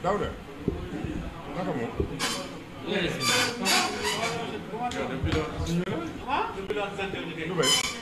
Daouda naka moom. lu bëri.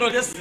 Petrodes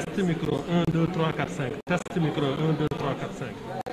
Test micro 1 2 3 4 5. Test micro 1 2 3 4 5.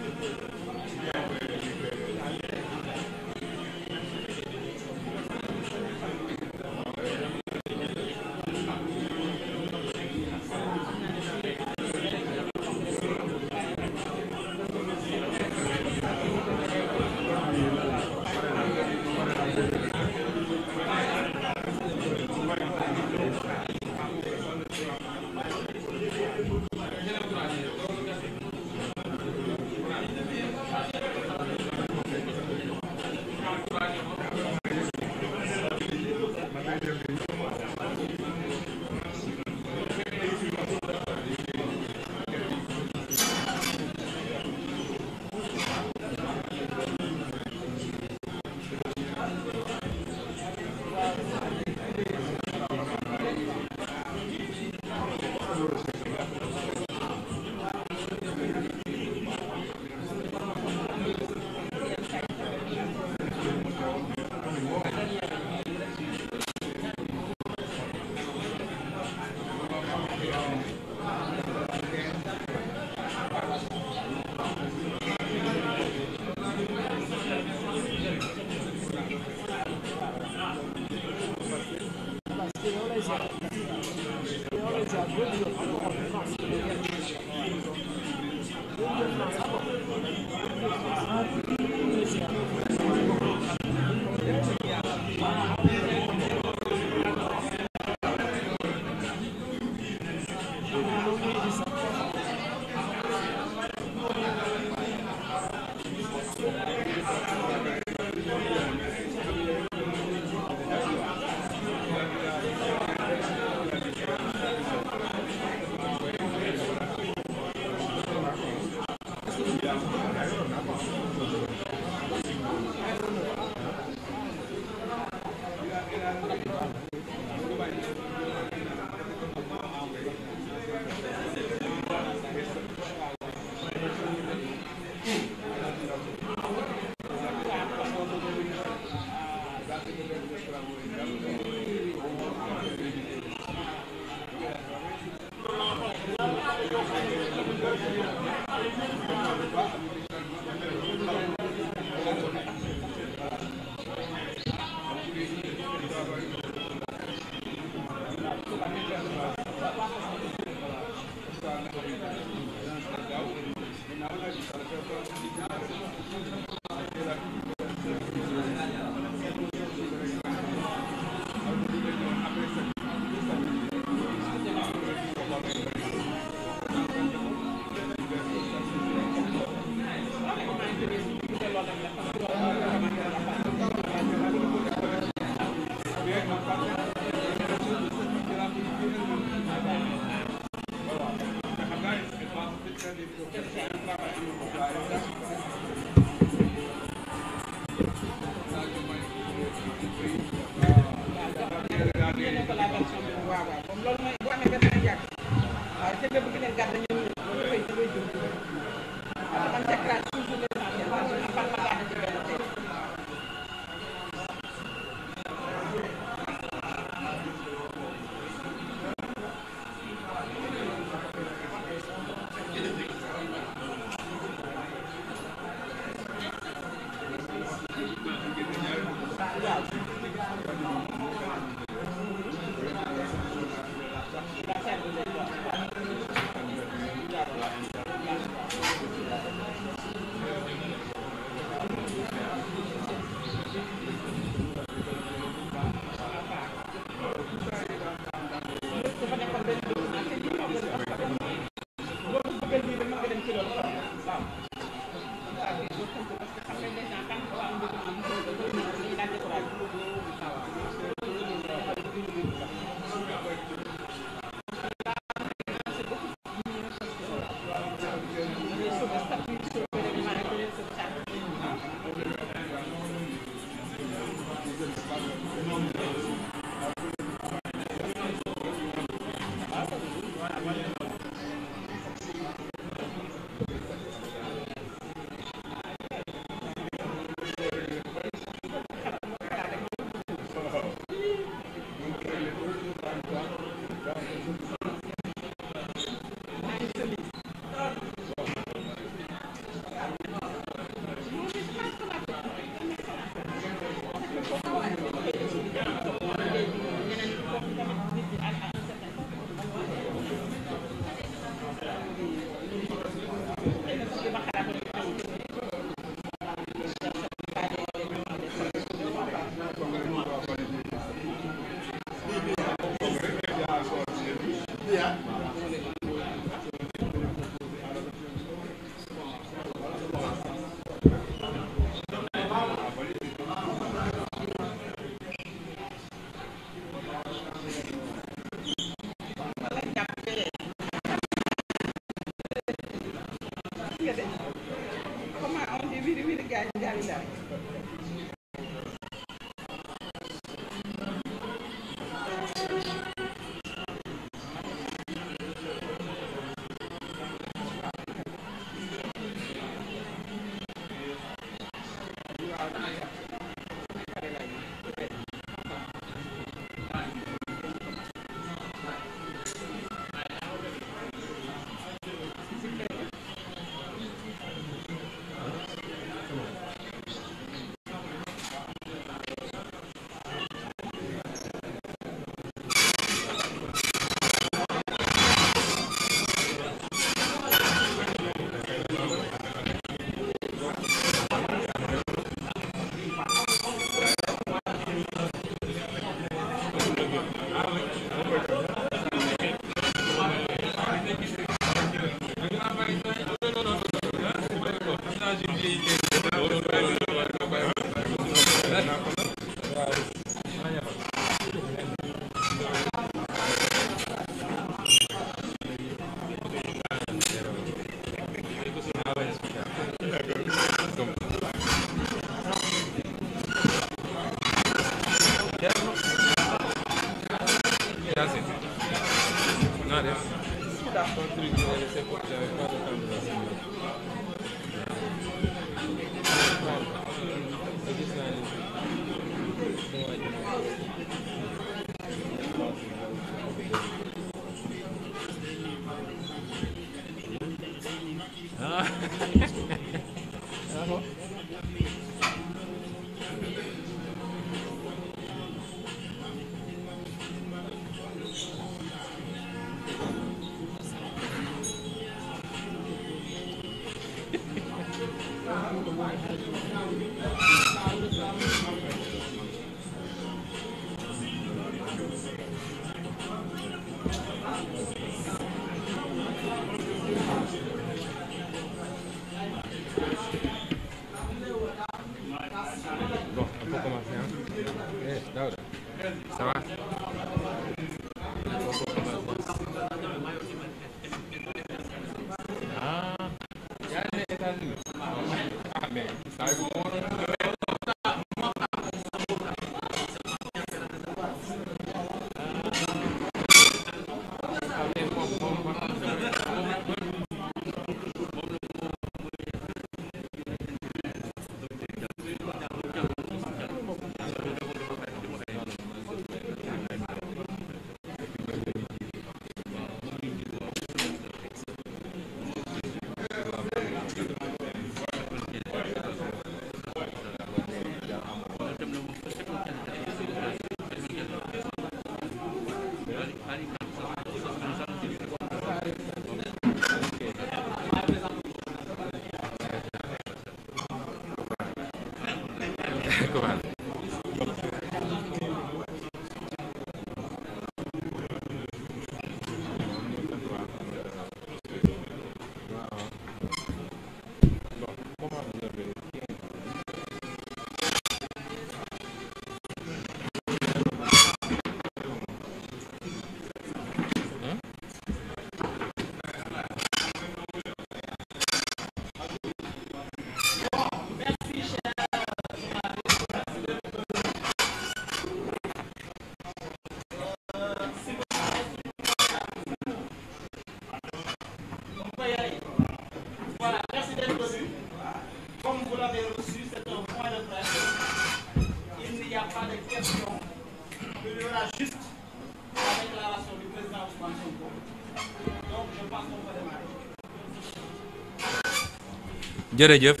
jërëjëf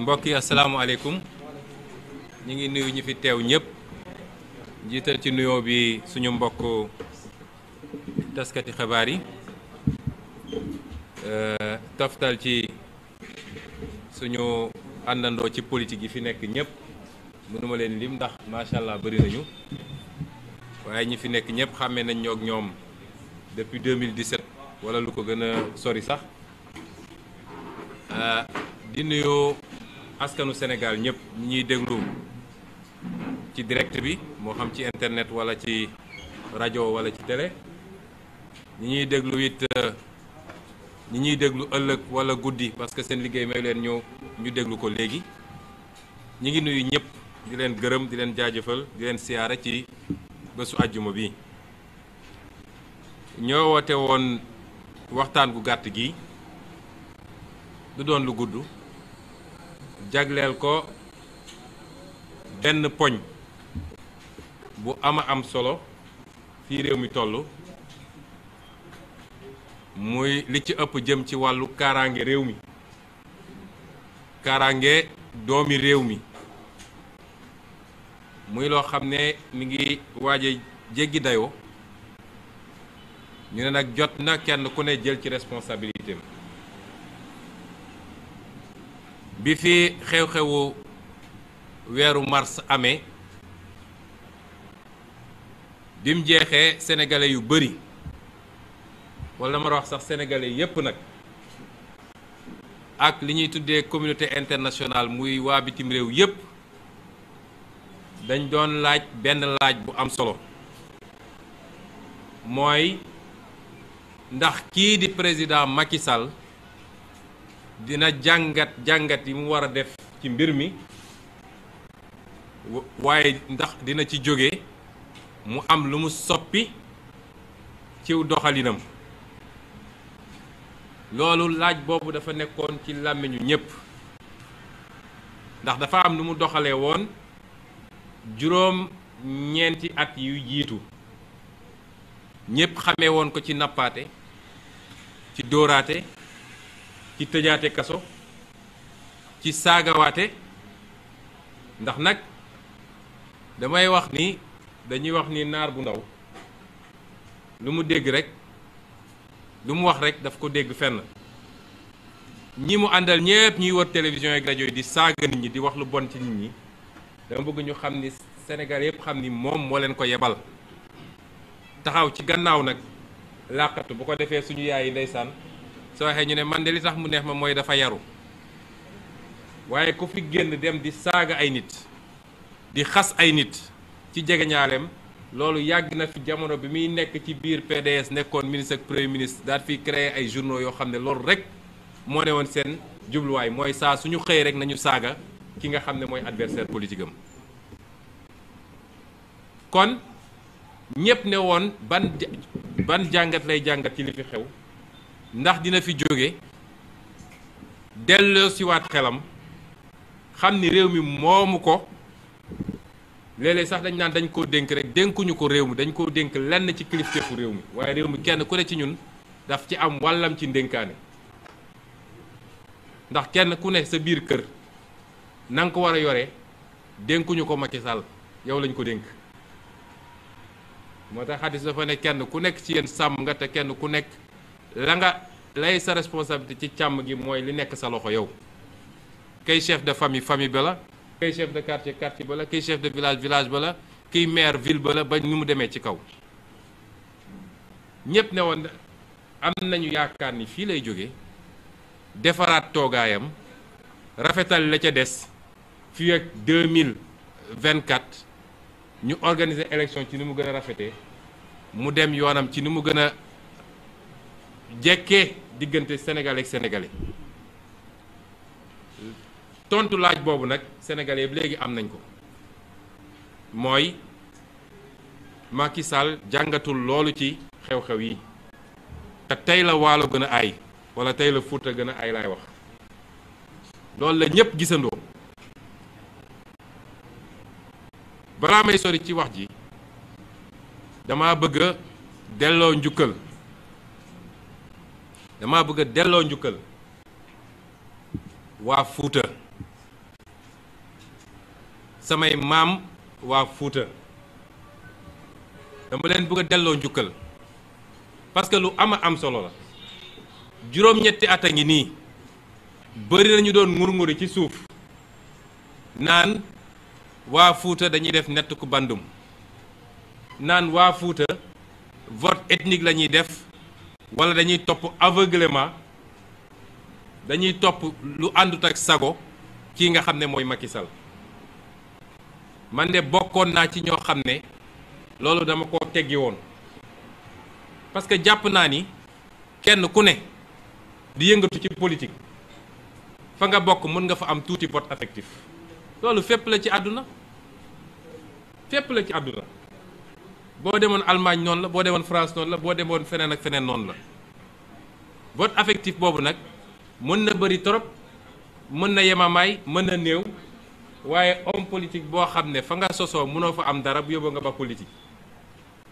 mbokk yi asalaamualeykum ñu ngi nuyu ñi fi teew ñëpp jiital ci nuyoo bi suñu mbokk taskati xabaar yi euh, toftal ci suñu àndandoo ci politique yi fi nekk ñëpp mënuma leen lim ndax macha allah bëri nañu waaye ñi fi nekk ñëpp xàmmee nañ ñoog ñoom depuis 2017 wala lu ko gën a sori sax. Euh, di nuyu askanu Sénégal ñëpp ñuy déglu ci direct bi moo xam ci internet wala ci rajo wala ci télé ñi ñuy déglu it euh, ñi ñuy déglu ëllëg wala guddi parce que seen liggéey may leen ñëw ñu déglu ko léegi ñi ngi nuyu ñëpp di leen gërëm di leen jaajëfal di leen siyaare ci bésu àjjuma bi ñoo woote woon waxtaan gu gàtt gi lu doon lu gudd jagleel ko benn poñ bu ama am solo fii réew mi toll muy li ci ëpp jëm ci wàllu kaaraange réew mi kaaraange doomi réew mi muy loo xam ne mi ngi waaje jéggi dayoo ñu ne nag jot na kenn ku ne jël ci responsabilité bi fi xew-xewu weeru mars amee bim jeexee sénégalais yu bëri wala ma wax sax sénégalais yépp nag ak li ñuy tuddee communauté international muy waa bitim réew yépp dañ doon laaj benn laaj bu am solo mooy ndax kii di président Macky Sall dina jàngat jàngat yi mu war a def ci mbir mi waaye ndax dina ci jóge mu am lu mu soppi ciw doxalinam loolu laaj boobu dafa nekkoon ci làmmiñu ñépp ndax dafa am lu mu doxalee woon juróom ñeenti at yu jiitu ñépp xamee ko ci nappaate ci dóoraate ci tëjaate kaso ci saagawaate ndax nag damay wax ni dañuy wax ni naar bu ndaw lu mu dégg rek lu mu wax rek daf ko dégg fenn ñi mu àndal ñëpp ñuy wër télévision ak rajo yi di saaga nit ñi di wax lu bon ci nit ñi dama bëgg ñu xam ni Sénégal yëpp xam ni moom moo leen ko yebal taxaw ci gannaaw nag làqatu bu ko defee suñu yaay yi ndeysaan soo waxee ñu ne man de li tax mu neex ma mooy dafa yaru waaye ku fi génn dem di saaga ay nit di xas ay nit ci jege jegeñaaleem loolu yàgg na fi jamono bi muy nekk ci biir PDS nekkoon ministre ak premier ministre daal fi créer ay journaux yoo xam ne loolu rek moo ne woon seen jubluwaay mooy saa suñu xëyee rek nañu saaga ki nga xam ne mooy adversaire politique am kon ñépp ne woon ban ban jàngat lay jàngat ci li fi xew ndax dina fi jóge delloo si waat xelam xam ni réew mi moomu ko léeg-léeg sax dañ naan dañ koo dénk rek dénkuñu ko réew mi dañ koo dénk lenn ci kilifteefu réew mi waaye réew mi kenn ku ne ci ñun daf ci am wàllam ci ndénkaane ndax kenn ku ne sa biir kër na ko war a yore dénkuñu ko Macky Sall yow lañ ko dénk moo tax xadis dafa ne kenn ku nekk ci yenn sàmm nga te kenn ku nekk la nga lay sa responsabilité ci càmm gi mooy li nekk sa loxo yow kay chef de famille famille ba la kay chef de quartier quartier ba la chef de village village bala la kiy maire ville ba la mu demee ci kaw ñépp ne woon am nañu yaakaar ni fii lay jóge defaraat toogaayam rafetal la ca des fii ak 2024 ñu organiser élection ci ni mu gën a rafetee mu dem yoonam ci ni mu gën a jekkee diggante senegale ak sénégalais tontu laaj boobu nag sénégalais bi léegi am nañ ko mooy Macky Sall jàngatul loolu ci xew-xew yi te tey la waalo gën a aay wala tey la Fuuta gën a aay laay wax loolu la ñëpp gisandoo balaa may sori ci wax ji dama bëgg delloo njukkal dama bëgg a delloo njukkal waa Fuuta samay maam waa Fuuta dama leen bëgg a delloo njukkal parce que lu ama am solo la juróom-ñetti at a ngi nii bëri ñu doon ngur-nguri ci suuf naan waa Fuuta dañuy def nett ku bandum naan waa Fuuta vote ethnique la def wala dañuy topp aveuglement dañuy topp lu àndut ak sago kii nga xam ne mooy makisal man de bokkoon naa ci ñoo xam ne loolu dama ko teggi woon parce que jàpp naa ni kenn ku ne di yëngatu ci politique fa nga bokk mën nga fa am tuuti pot affectif loolu fépp la ci àdduna fépp la ci àdduna boo demoon Allemagne noonu la boo demoon France noonu la boo demoon feneen ak feneen noonu la vote affectif boobu nag mën na bëri trop mën na yemamaay mën na néew waaye homme politique boo xam ne fa nga sosoo mënoo fa am dara bu yóbboo nga ba politique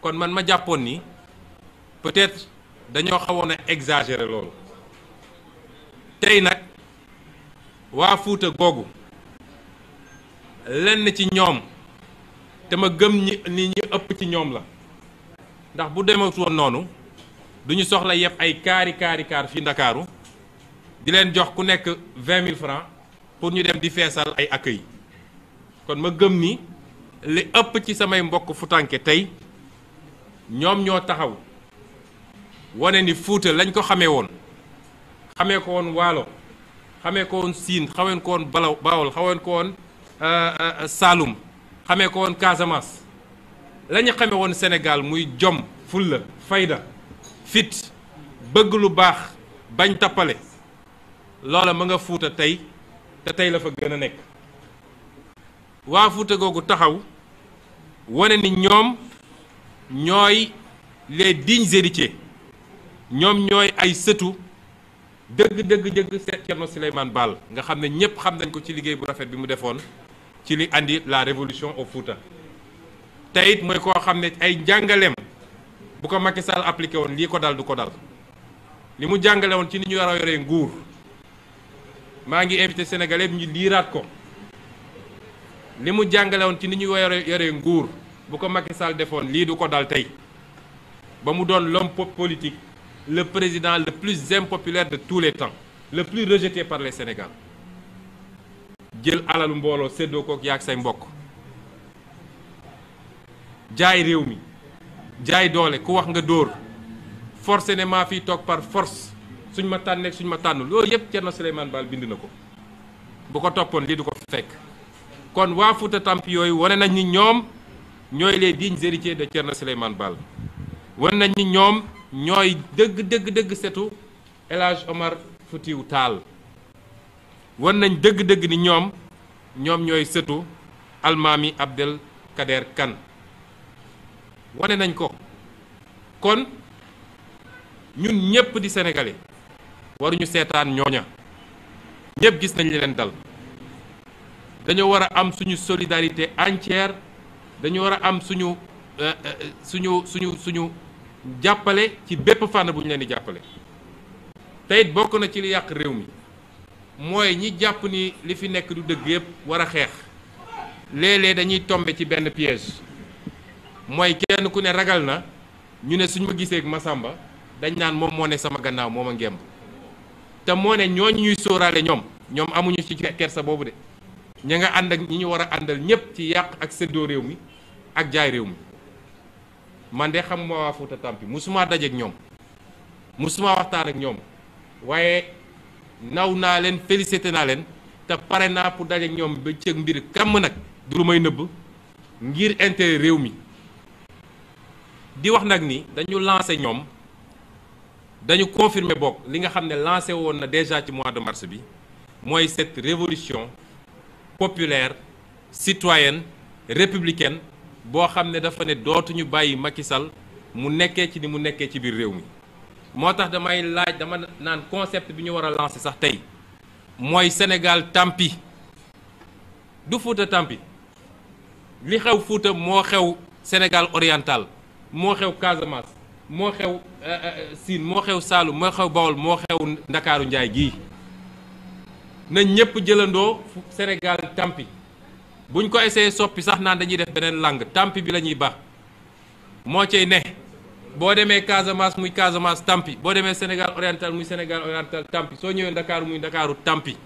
kon man ma jàppoon ni peut-être dañoo xawoon a exagérer loolu tey nag waa Fuuta googu lenn ci ñoom te ma gëm ñi ni ëpp ci ñoom la ndax bu dematu woon noonu duñu soxla yëpp ay kaari kaari kaar fii Ndakaaru di leen jox ku nekk vingt mille francs pour ñu dem di feesal ay accueil kon ma gëm ni li ëpp ci samay mbokk futanke tey ñoom ñoo taxaw wane ni Fuuta lañ ko xamee woon xamee ko woon waalo xamee ko woon siin xaween ko woon balaw bawol xaween ko woon euh, euh, saalum xamee ko woon Casamance la ñu xamee woon Sénégal muy jom fulla fayda fit bëgg lu baax bañ tappale loola ma nga fuuta tey te tey la fa gën a nekk waa fuuta googu taxaw wone ni ñoom ñooy les dignes héritiers ñoom ñooy ay sëtu dëgg dëgg dëgg Cerno Souleymane Baal nga xam ne ñépp xam nañ ko ci liggéey bu rafet bi mu defoon ci li andi la révolution au Fouta te it mooy koo xam ne ay jàngaleem bu ko Macky Sall appliqué woon lii ko dal du ko dal li mu jàngale woon ci ni ñu war a nguur maa ngi invité sénégalais ñu liiraat ko li mu jàngale woon ci ni ñu war a nguur bu ko Macky Sall defoon lii du ko dal tey ba mu doon l'homme politique le président le plus impopulaire de tous les temps le plus rejeté par le sénégal jël alalu mbooloo séddoo kook yaag say mbokk jaay réew mi jaay doole ku wax nga dóor force ne maa fiy toog par force suñ ma tànneeg suñ ma tànn loolu yëpp Thierno Souleymane Baal bind na ko bu ko toppoon lii du ko fekk kon waa Fuuta Tamp yooyu wane nañ ni ñoom ñooy les dignes héritiers de Thierno Souleymane Baal wane nañ ni ñoom ñooy dëgg dëgg dëgg setu El Omar Foutiyou Tall wan nañ dëgg-dëgg ni ñoom ñoom ñooy sëtu almaami Abdel Kader Kan wane nañ ko kon ñun ñépp di sénégalais waruñu seetaan ñooña ñépp gis nañ leen dal dañoo war a am suñu solidarité entière dañu war a am suñu euh, euh, suñu suñu suñu jàppale ci bépp fànn bu leen di jàppale teyit bokk na ci li yàq réew mi mooy ñi jàpp ni li fi nekk du dëgg yëpp war a xeex léeg-léeg dañuy tombe ci benn piège mooy kenn ku ne ragal na ñu ne suñ ma gisee ak Masamba dañ naan moom moo ne sama gannaaw moom a ngemb te moo ne ñooñu ñuy sóoraale ñoom ñoom amuñu ci kersa boobu de ña nga ànd ak ñi ñu war a àndal ñëpp ci yàq ak séddoo réew mi ak jaay réew mi man de xamuma ma waa Fuuta Tampi musuma dajeek ñoom musuma waxtaan ak ñoom waaye. naw naa leen félicité naa leen te pare naa pour daje ñoom ba cëg mbir kàmm nag du lu may nëbb ngir intérêt réew mi di wax nag ni dañu lancé ñoom dañu confirmer bokk li nga xam ne lancé woon na déjà ci mois de mars bi mooy set révolution populaire citoyenne républicain boo xam ne dafa ne dootuñu bàyyi Macky Sall mu nekkee ci ni mu nekkee ci biir réew mi moo tax damay laaj dama naan concept bi ñu war a sax tey mooy Sénégal tampi du Fuuta tampi li xew Fuuta moo xew senegal oriental moo xew Casamance moo xew euh, euh, Sine moo xew Saalum moo xew Bawol moo xew Ndakaaru Njaay gii na ñépp jëlandoo Sénégal tampi buñ ko essayé soppi sax naan dañuy def beneen langue tampi bi lañuy ñuy baax moo cay ne boo demee Casamance muy Casamance tampi boo demee Sénégal oriental muy Sénégal oriental tampi soo ñëwee Ndakaaru muy Ndakaaru tampi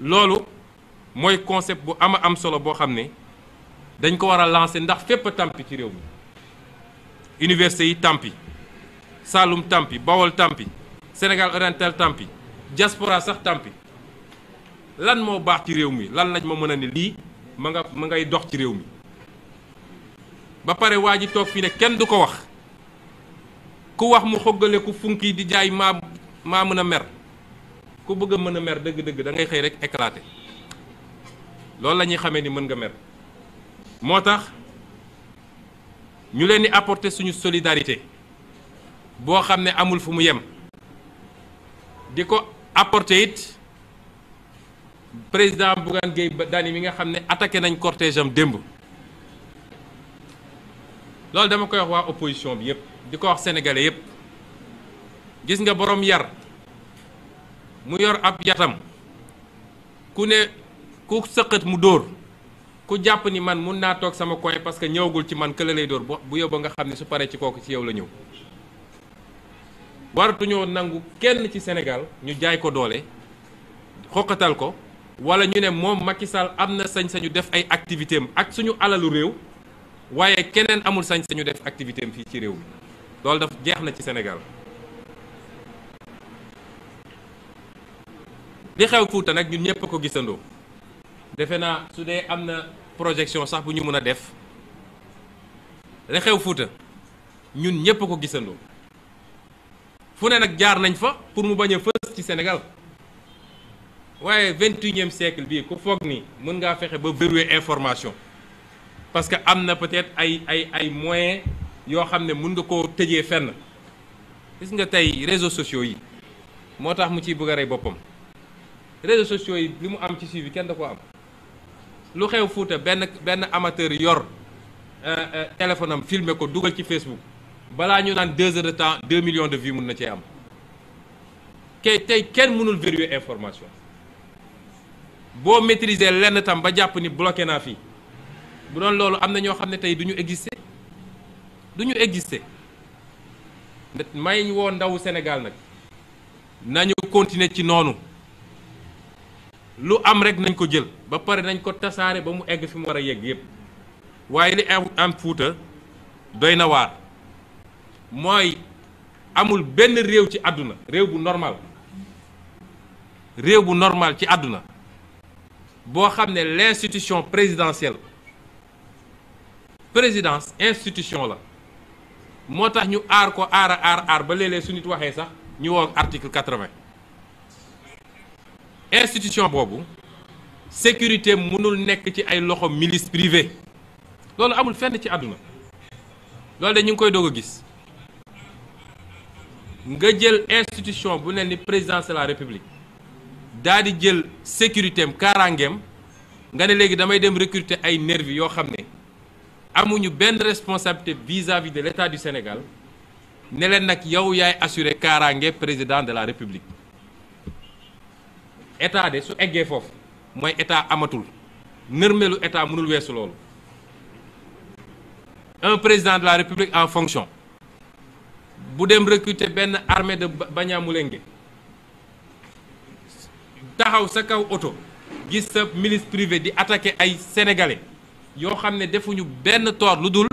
loolu mooy concept bu ama am solo boo xam ne dañ ko war a lancer ndax fépp tampi ci réew mi université yi tampi Saloum tampi Bawol tampi Sénégal oriental tampi diaspora sax tampi lan moo baax ci réew mi lan lañ ma mën a ne lii ma nga ma ngay dox ci réew mi ba pare waa ji toog fii ne kenn du ko wax ku wax mu xoggale ku funki di jaay maa maa mën a mer ku bëgg a mën a mer dëgg-dëgg da ngay xëy rek éclater loolu la ñuy xamee ni mën nga mer moo tax ñu leen di apporter suñu solidarité boo xam ne amul fu mu yem di ko apporter it président Bougane ba Dany mi nga xam ne attaqué nañ cortège am démb loolu dama koy wax waa opposition bi yépp di ko wax sénégalais yépp gis nga boroom yar mu yor ab yatam ku ne ku sëqat mu dóor ku jàpp ni man mun naa toog sama coin parce que ñëwagul ci man kële lay dóor bu yóbbu nga xam ne su paree ci kooku ci yow la ñëw waratuñoo nangu kenn ci Sénégal ñu jaay ko doole xoqatal ko wala ñu ne moom Macky Sall am na sañ-sañu def ay activité ak suñu alalu réew waaye keneen amul sañ-sañu def activité am fii ci réew mi loolu daf jeex na ci Sénégal li xew Fuuta nag ñun ñëpp a ko gisandoo defe naa su dee am na projection sax bu ñu mën a def li xew Fuuta ñun ñëpp a ko gisandoo fu ne nag jaar nañ fa pour mu bañ a fës ci Sénégal waaye vingt et unième siècle bii ku foog ni mën ngaa fexe ba verrouiller information parce que am na peut-être ay ay ay moyen yoo xam ne mun nga koo tëjee fenn gis nga tey réseau sociaux yi moo tax mu ciy bëgg a rey boppam réseaux sociaux yi li mu am ci suivi kenn da ko am lu xew Fuuta benn benn amateur yor euh, euh, téléphone filme ko dugal ci Facebook balaa ñu naan deux heures de temps deux millions de vues mun na cee am kay tey kenn mënul vérifier information boo maîtriser lenn tam ba jàpp ni bloqué naa fii bu doon loolu am na ñoo xam ne tey du ñu exister du ñu exister may woo ndawu Sénégal nag nañu continuer ci noonu lu am rek nañ ko jël ba pare nañ ko tasaare ba mu egg fi mu war a yegg yépp waaye li am Fuuta doy na waar mooy amul benn réew ci àdduna réew bu normal réew bu normal ci àdduna boo xam ne l'institution présidentielle présidence institution la moo tax ñu aar ko aar a aar aar ba léeg-léeg su nit waxee sax ñu woo article quatre-vingt institution boobu sécurité mënul nekk ci ay loxo milice privée loolu amul fenn ci àdduna loolu de ñu ngi koy doog a gis nga jël institution bu ne ni présidence de la république daa di jël sécurité am kaaraangeem nga ne léegi damay dem recruter ay nervi yoo xam ne amuñu benn responsabilité vis-à-vis de l'État du Sénégal ne leen nag yow yaay assuré kaaraange président de la République état de su eggee foofu mooy état amatul nërmelu état mënul weesu loolu un président de la République en fonction bu dem recruter benn armée de Banyamulenge taxaw sa kaw oto gis sa milice privée di attaquer ay sénégalais. yoo xam ne defuñu benn tort lu dul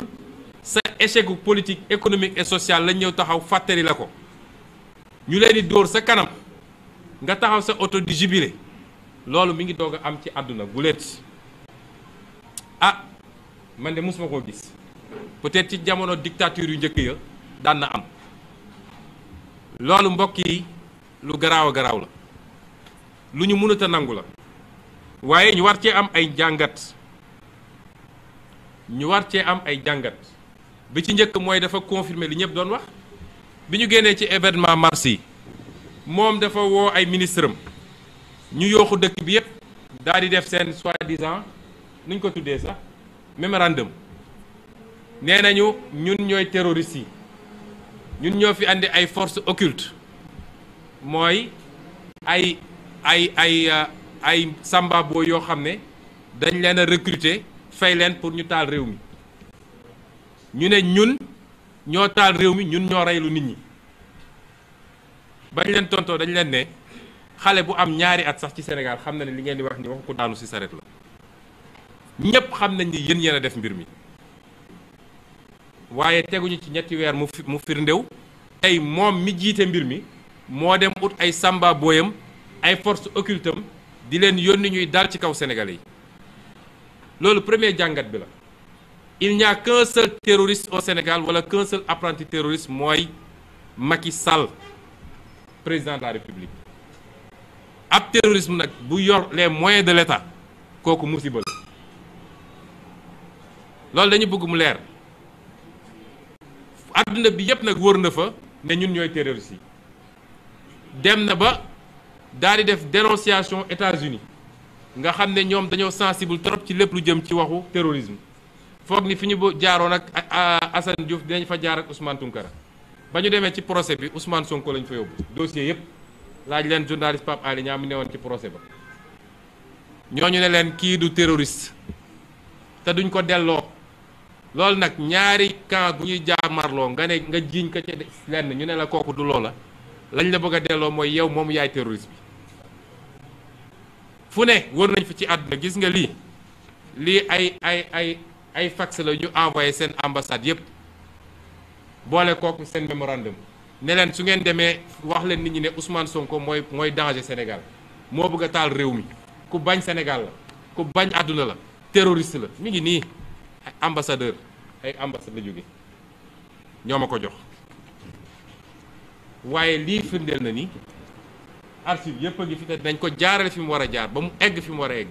sa échec politique économique et social lañ ñëw taxaw fàttali la ko ñu leen di dóor sa kanam nga taxaw sa auto di jubilé loolu mi ngi doog a am ci àdduna guléet ah man de mësuma koo gis peut-être ci jamono dictature yu njëkk ya daan na am loolu mbokk yi lu garaaw a garaaw la lu ñu mënut a nangu la waaye ñu war cee am ay jàngat ñu war cee am ay jàngat bi ci njëkk mooy dafa confirmer li ñëpp doon wax bi ñu génnee ci événement mars yi moom dafa woo ay ministre am ñu yooxu dëkk bi yëpp daal di def seen soi-disant nuñ ko tuddee sax mémorandum nee nañu ñun ñooy terroristes yi ñun ñoo fi andi ay forces occultes mooy ay ay ay euh, ay samba yoo xam ne dañ leen a recruter fay leen pour ñu taal réew mi ñu ne ñun ñoo taal réew mi ñun ñoo reylu nit ñi bañ leen tontoo dañ leen ne xale bu am ñaari at sax ci Sénégal xam na ne li ngeen di wax ni waxu ko daanu ci saret la ñépp xam nañ ni yéen yéen a def mbir mi waaye teguñu ci ñetti weer mu mu firndéw tey moom mi jiite mbir mi moo dem ut ay samba booyam ay force occultam di leen yónni ñuy dal ci kaw sénégalais yi loolu premier jàngat bi la il n'y a qu'un terroriste au Sénégal wala qu'un seul apprenti terroriste mooy Macky Sall président de la République ab terrorisme nag bu yor les moyens de l'État kooku musiba la loolu dañu bëgg mu leer àdduna bi yépp nag wër na fa ne ñun ñooy terroriste yi dem na ba daal di def dénonciation États-Unis nga xam ne ñoom dañoo sensible trop ci lépp lu jëm ci waxu terrorisme foog ni fi ñu jaaroon ak Assane Diouf dinañ fa jaar ak Ousmane Tounkara ba ñu demee ci procès bi Ousmane Sonko lañ fa yóbbu dossier yépp laaj leen journaliste Pape Alé Niang mi newoon ci procès ba ñu ne leen kii du terroriste te duñ ko delloo loolu nag ñaari camp gu ñuy jaamarloo nga ne nga jiiñ ko ci lenn ñu ne la kooku du loola lañ la bëgg delloo mooy yow moom yaay terroriste bi fu ne wër nañ fi ci àdduna gis nga lii lii ay ay ay ay fax la ñu envoyé seen ambassade yépp boole kooku seen mémorandum ne leen su ngeen demee wax leen nit ñi ne Ousmane Sonko mooy mooy danger senegal moo bëgg a taal réew mi ku bañ senegal la ku bañ àdduna la terroriste la mi ngi nii ay ambassadeur ay ambassade la jóge ñoo ma ko jox waaye lii firndeel na nii archive yëpp a ngi fi te dañ ko jaarale fi mu war a jaar ba mu egg fi mu war a egg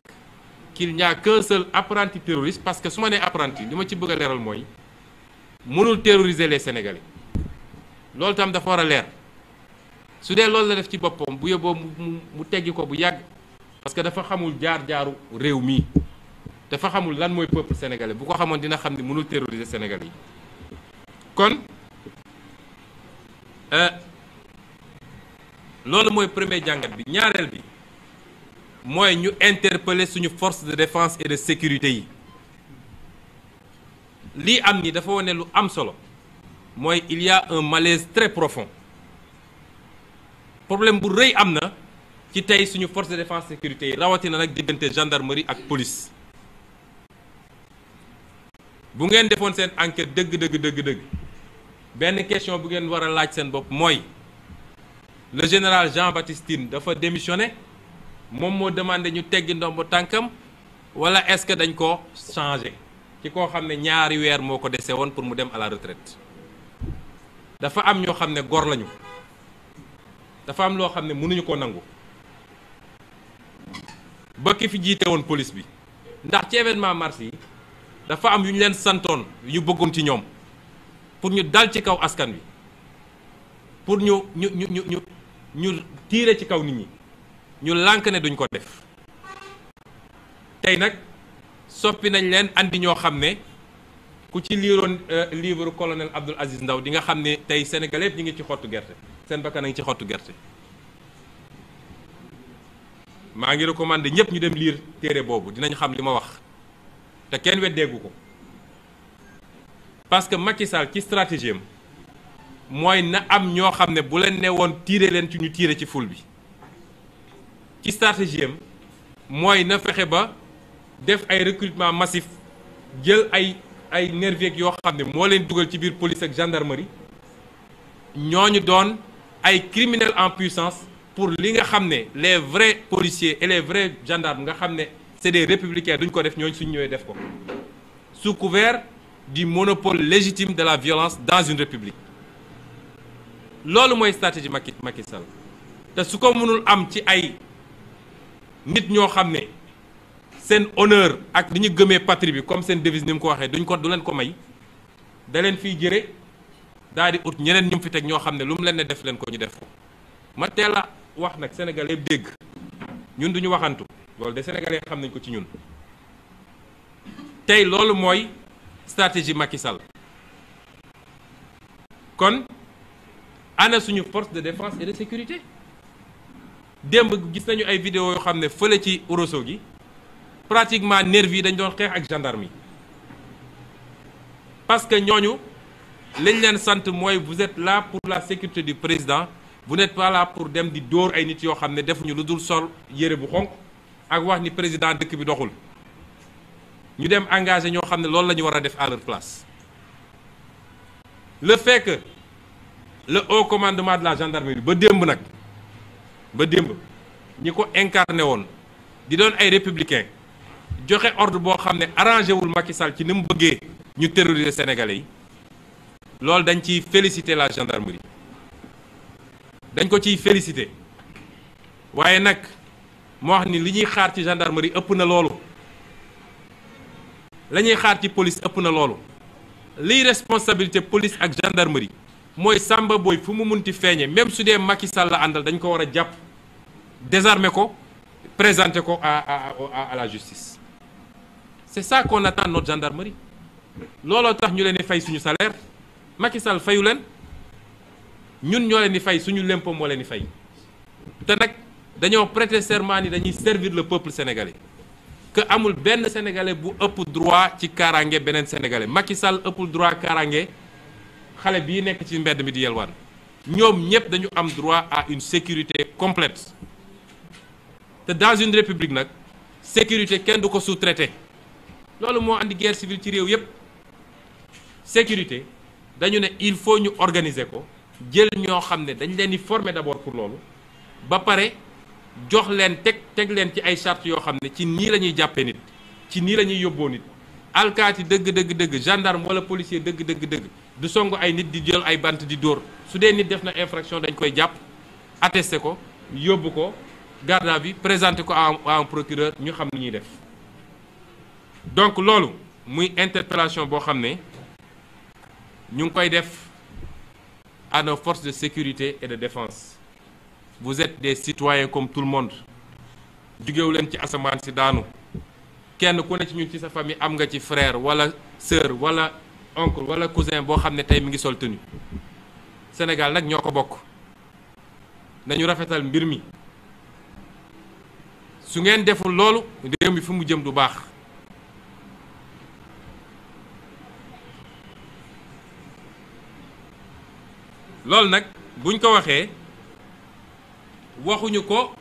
qu'il n'y a qu'un apprenti terroriste parce que su ma nee apprenti li ma ci bëgg a leeral mooy mënul terroriser les Sénégalais loolu tam dafa war a leer su dee loolu la def ci boppam bu yóbboo mu mu teggi ko bu yàgg parce que dafa xamul jaar-jaaru réew mi dafa xamul lan mooy peuple sénégalais bu ko xamoon dina xam ni mënul terroriser Sénégalais yi kon. Euh, loolu mooy premier jàngat bi ñaareel bi mooy ñu interpeller suñu force de défense et de sécurité yi lii am nii dafa wane lu am solo mooy il y un malaise très profond problème bu rëy am na ci tey suñu force de défense sécurité yi rawatina nag diggante gendarmerie ak police bu ngeen defoon seen enquête dëgg dëgg dëgg benn question bu ngeen war a laaj seen bopp mooy le général Jean-Baptiste Tine dafa démissionné moom moo demandé ñu teggi ndomb tànkam wala est-ce que dañ ko changé ci koo xam ne ñaari weer moo ko dese woon pour mu dem à la dafa am ñoo xam ne gor lañu dafa am loo xam ne mënuñu ko nangu ba ki fi jiite woon police bi ndax ci événement mars yi dafa am yu ñu leen santoon yu bëggoon ci ñoom pour ñu dal ci kaw askan wi pour ñu ñu ñu ñu ñu tiire ci kaw nit ñi ñu lànk ne duñ ko def tey nag soppi nañ leen andi ñoo xam ne ku ci liiroon euh, livre colonel Abdoul Aziz Ndaw di nga xam ne tey sénégalais yëpp ñu ngi ci xottu gerte seen bakkan a ngi ci xottu gerte maa ngi recommandé ñëpp ñu dem liir téere boobu dinañ xam li ma wax te kenn déggu ko parce que Macky Sall ci stratégie am mooy na am ñoo xam ne bu leen ne woon tiire leen ci ñu tiire ci ful bi ci stratégie am mooy na fexe ba def ay recrutement massif jël ay ay nervier yoo xam ne moo leen dugal ci biir police ak gendarmerie ñu doon ay criminels en puissance pour li nga xam ne les vrais policiers et les vrais gendarmes nga xam ne c'est des républicains duñ ko def ñooñu suñ ñëwee def ko sous couvert du monopole légitime de la violence dans une république loolu mooy stratégie Macky Macky Sall te su ko mënul am ci ay nit ñoo xam ne seen honneur ak li ñu gëmee patrie bi comme seen devise ni mu ko waxee duñ ko du leen ko may da fii jëre daal di ut ñeneen ñu fi teg ñoo xam ne lu mu leen ne def leen ko ñu def ko ma teel a wax nag Sénégal dégg ñun duñu waxantu loolu de sénégalais xam nañ ko ci ñun tey loolu mooy stratégie Macky Sall kon. ana suñu force de défense et de sécurité démb gis nañu ay vidéo yoo xam ne fële ci Ourossogui gi pratiquement nervi yi dañ doon xeex ak gendarme yi parce que ñooñu lañ leen sant mooy vous là pour la sécurité du président vous n'êtes pas là pour dem di dóor ay nit yoo xam ne defuñu lu dul sol yére bu xonq ak wax ni président dëkk bi doxul ñu dem engagé ñoo xam ne loolu la ñu war a def à leur place le fait le haut commandement de la gendarmerie ba démb nag ba démb ñi ko incarné woon di doon ay républicain joxe ordre boo xam ne arrangé wul Macky Sall ci ni mu bëggee ñu terroriser sénégalais yi loolu dañ ciy féliciter la gendarmerie dañ ko ciy félicité waaye nag moo wax ni li ñuy xaar ci gendarmerie ëpp na loolu la ñuy xaar ci police ëpp na loolu liy responsabilité police ak gendarmerie mooy Samba booy fu mu munti feeñe même su dee Macky Sall la àndal dañ ko war a jàpp désarmer ko présenter ko à à à à la justice c'est ça qu'on attend looloo tax ñu leen di fay suñu salaire Macky Sall fayu leen ñun ñoo leen di fay suñu lempo moo leen di fay te nag dañoo prêter serment yi dañuy servir le peuple sénégalais que amul benn sénégalais bu ëpp droit ci kaaraange beneen sénégalais Macky Sall ëppul droit kaaraange. xale bii nekk ci mbedd mi yelwaan ñoom ñëpp dañu am droit à une sécurité complete te dans une république nag sécurité kenn du ko sous-traité loolu moo indi guerre civile ci réew yëpp sécurité dañu ne il faut ñu organiser ko jël ñoo xam ne dañ leen di former d'abord pour loolu ba pare jox leen teg teg leen ci ay chartes yoo xam ne ci nii la ñuy jàppee nit ci nii la ñuy yóbboo nit alkaati dëgg dëgg dëgg gendarme wala policier dëgg dëgg dëgg du songu ay nit di jël ay bant di dóor su dee nit def na infraction dañ koy jàpp attesté ko yóbbu ko garde bi vue ko à un procureur ñu xam ni ñuy def donc loolu muy interpellation boo xam ne ñu ngi koy def à force de sécurité et de défense vous êtes des citoyens comme tout le monde jugewu leen ci asamaan si daanu kenn ku ne ci ñun ci sa famille am nga ci frère wala sœur wala oncle wala cousin boo xam ne tey mi ngi sol tenue Sénégal nag ñoo ko bokk nañu rafetal mbir mi su ngeen deful loolu réew mi fu mu jëm du baax loolu nag buñ ko waxee waxuñu ko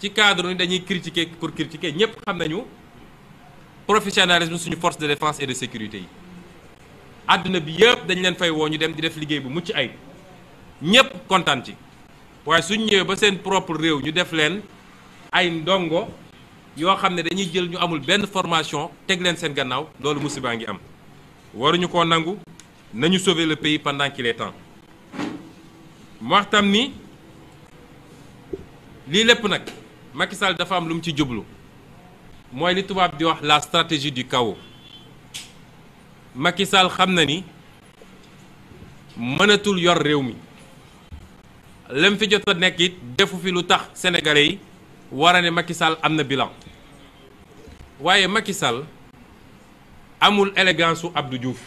ci cadre ni dañuy critiquer pour critiquer ñëpp xam nañu professionnalisme suñu force de défense et de sécurité yi àdduna bi yëpp dañ leen fay woo ñu dem di def liggéey bu mucc ay ñëpp kontaan ci waaye suñ ñëwee ba seen propre réew ñu def leen ay ndongo yoo xam ne dañuy jël ñu amul benn formation teg leen seen gannaaw loolu musiba ngi am waruñu ko nangu nañu sauver le pays pendant qu'il est temps mu wax ni lii lépp nag Macky Sall dafa am lu mu ci jublu mooy li tubaab di wax la stratégie du chaos makisal xam na ni mënatul yor réew mi lem fi jot a nekk it defu fi lu tax sénégalais yi war ne Macky am na bilan waaye makisal Sall amul élégance su Abdou Diouf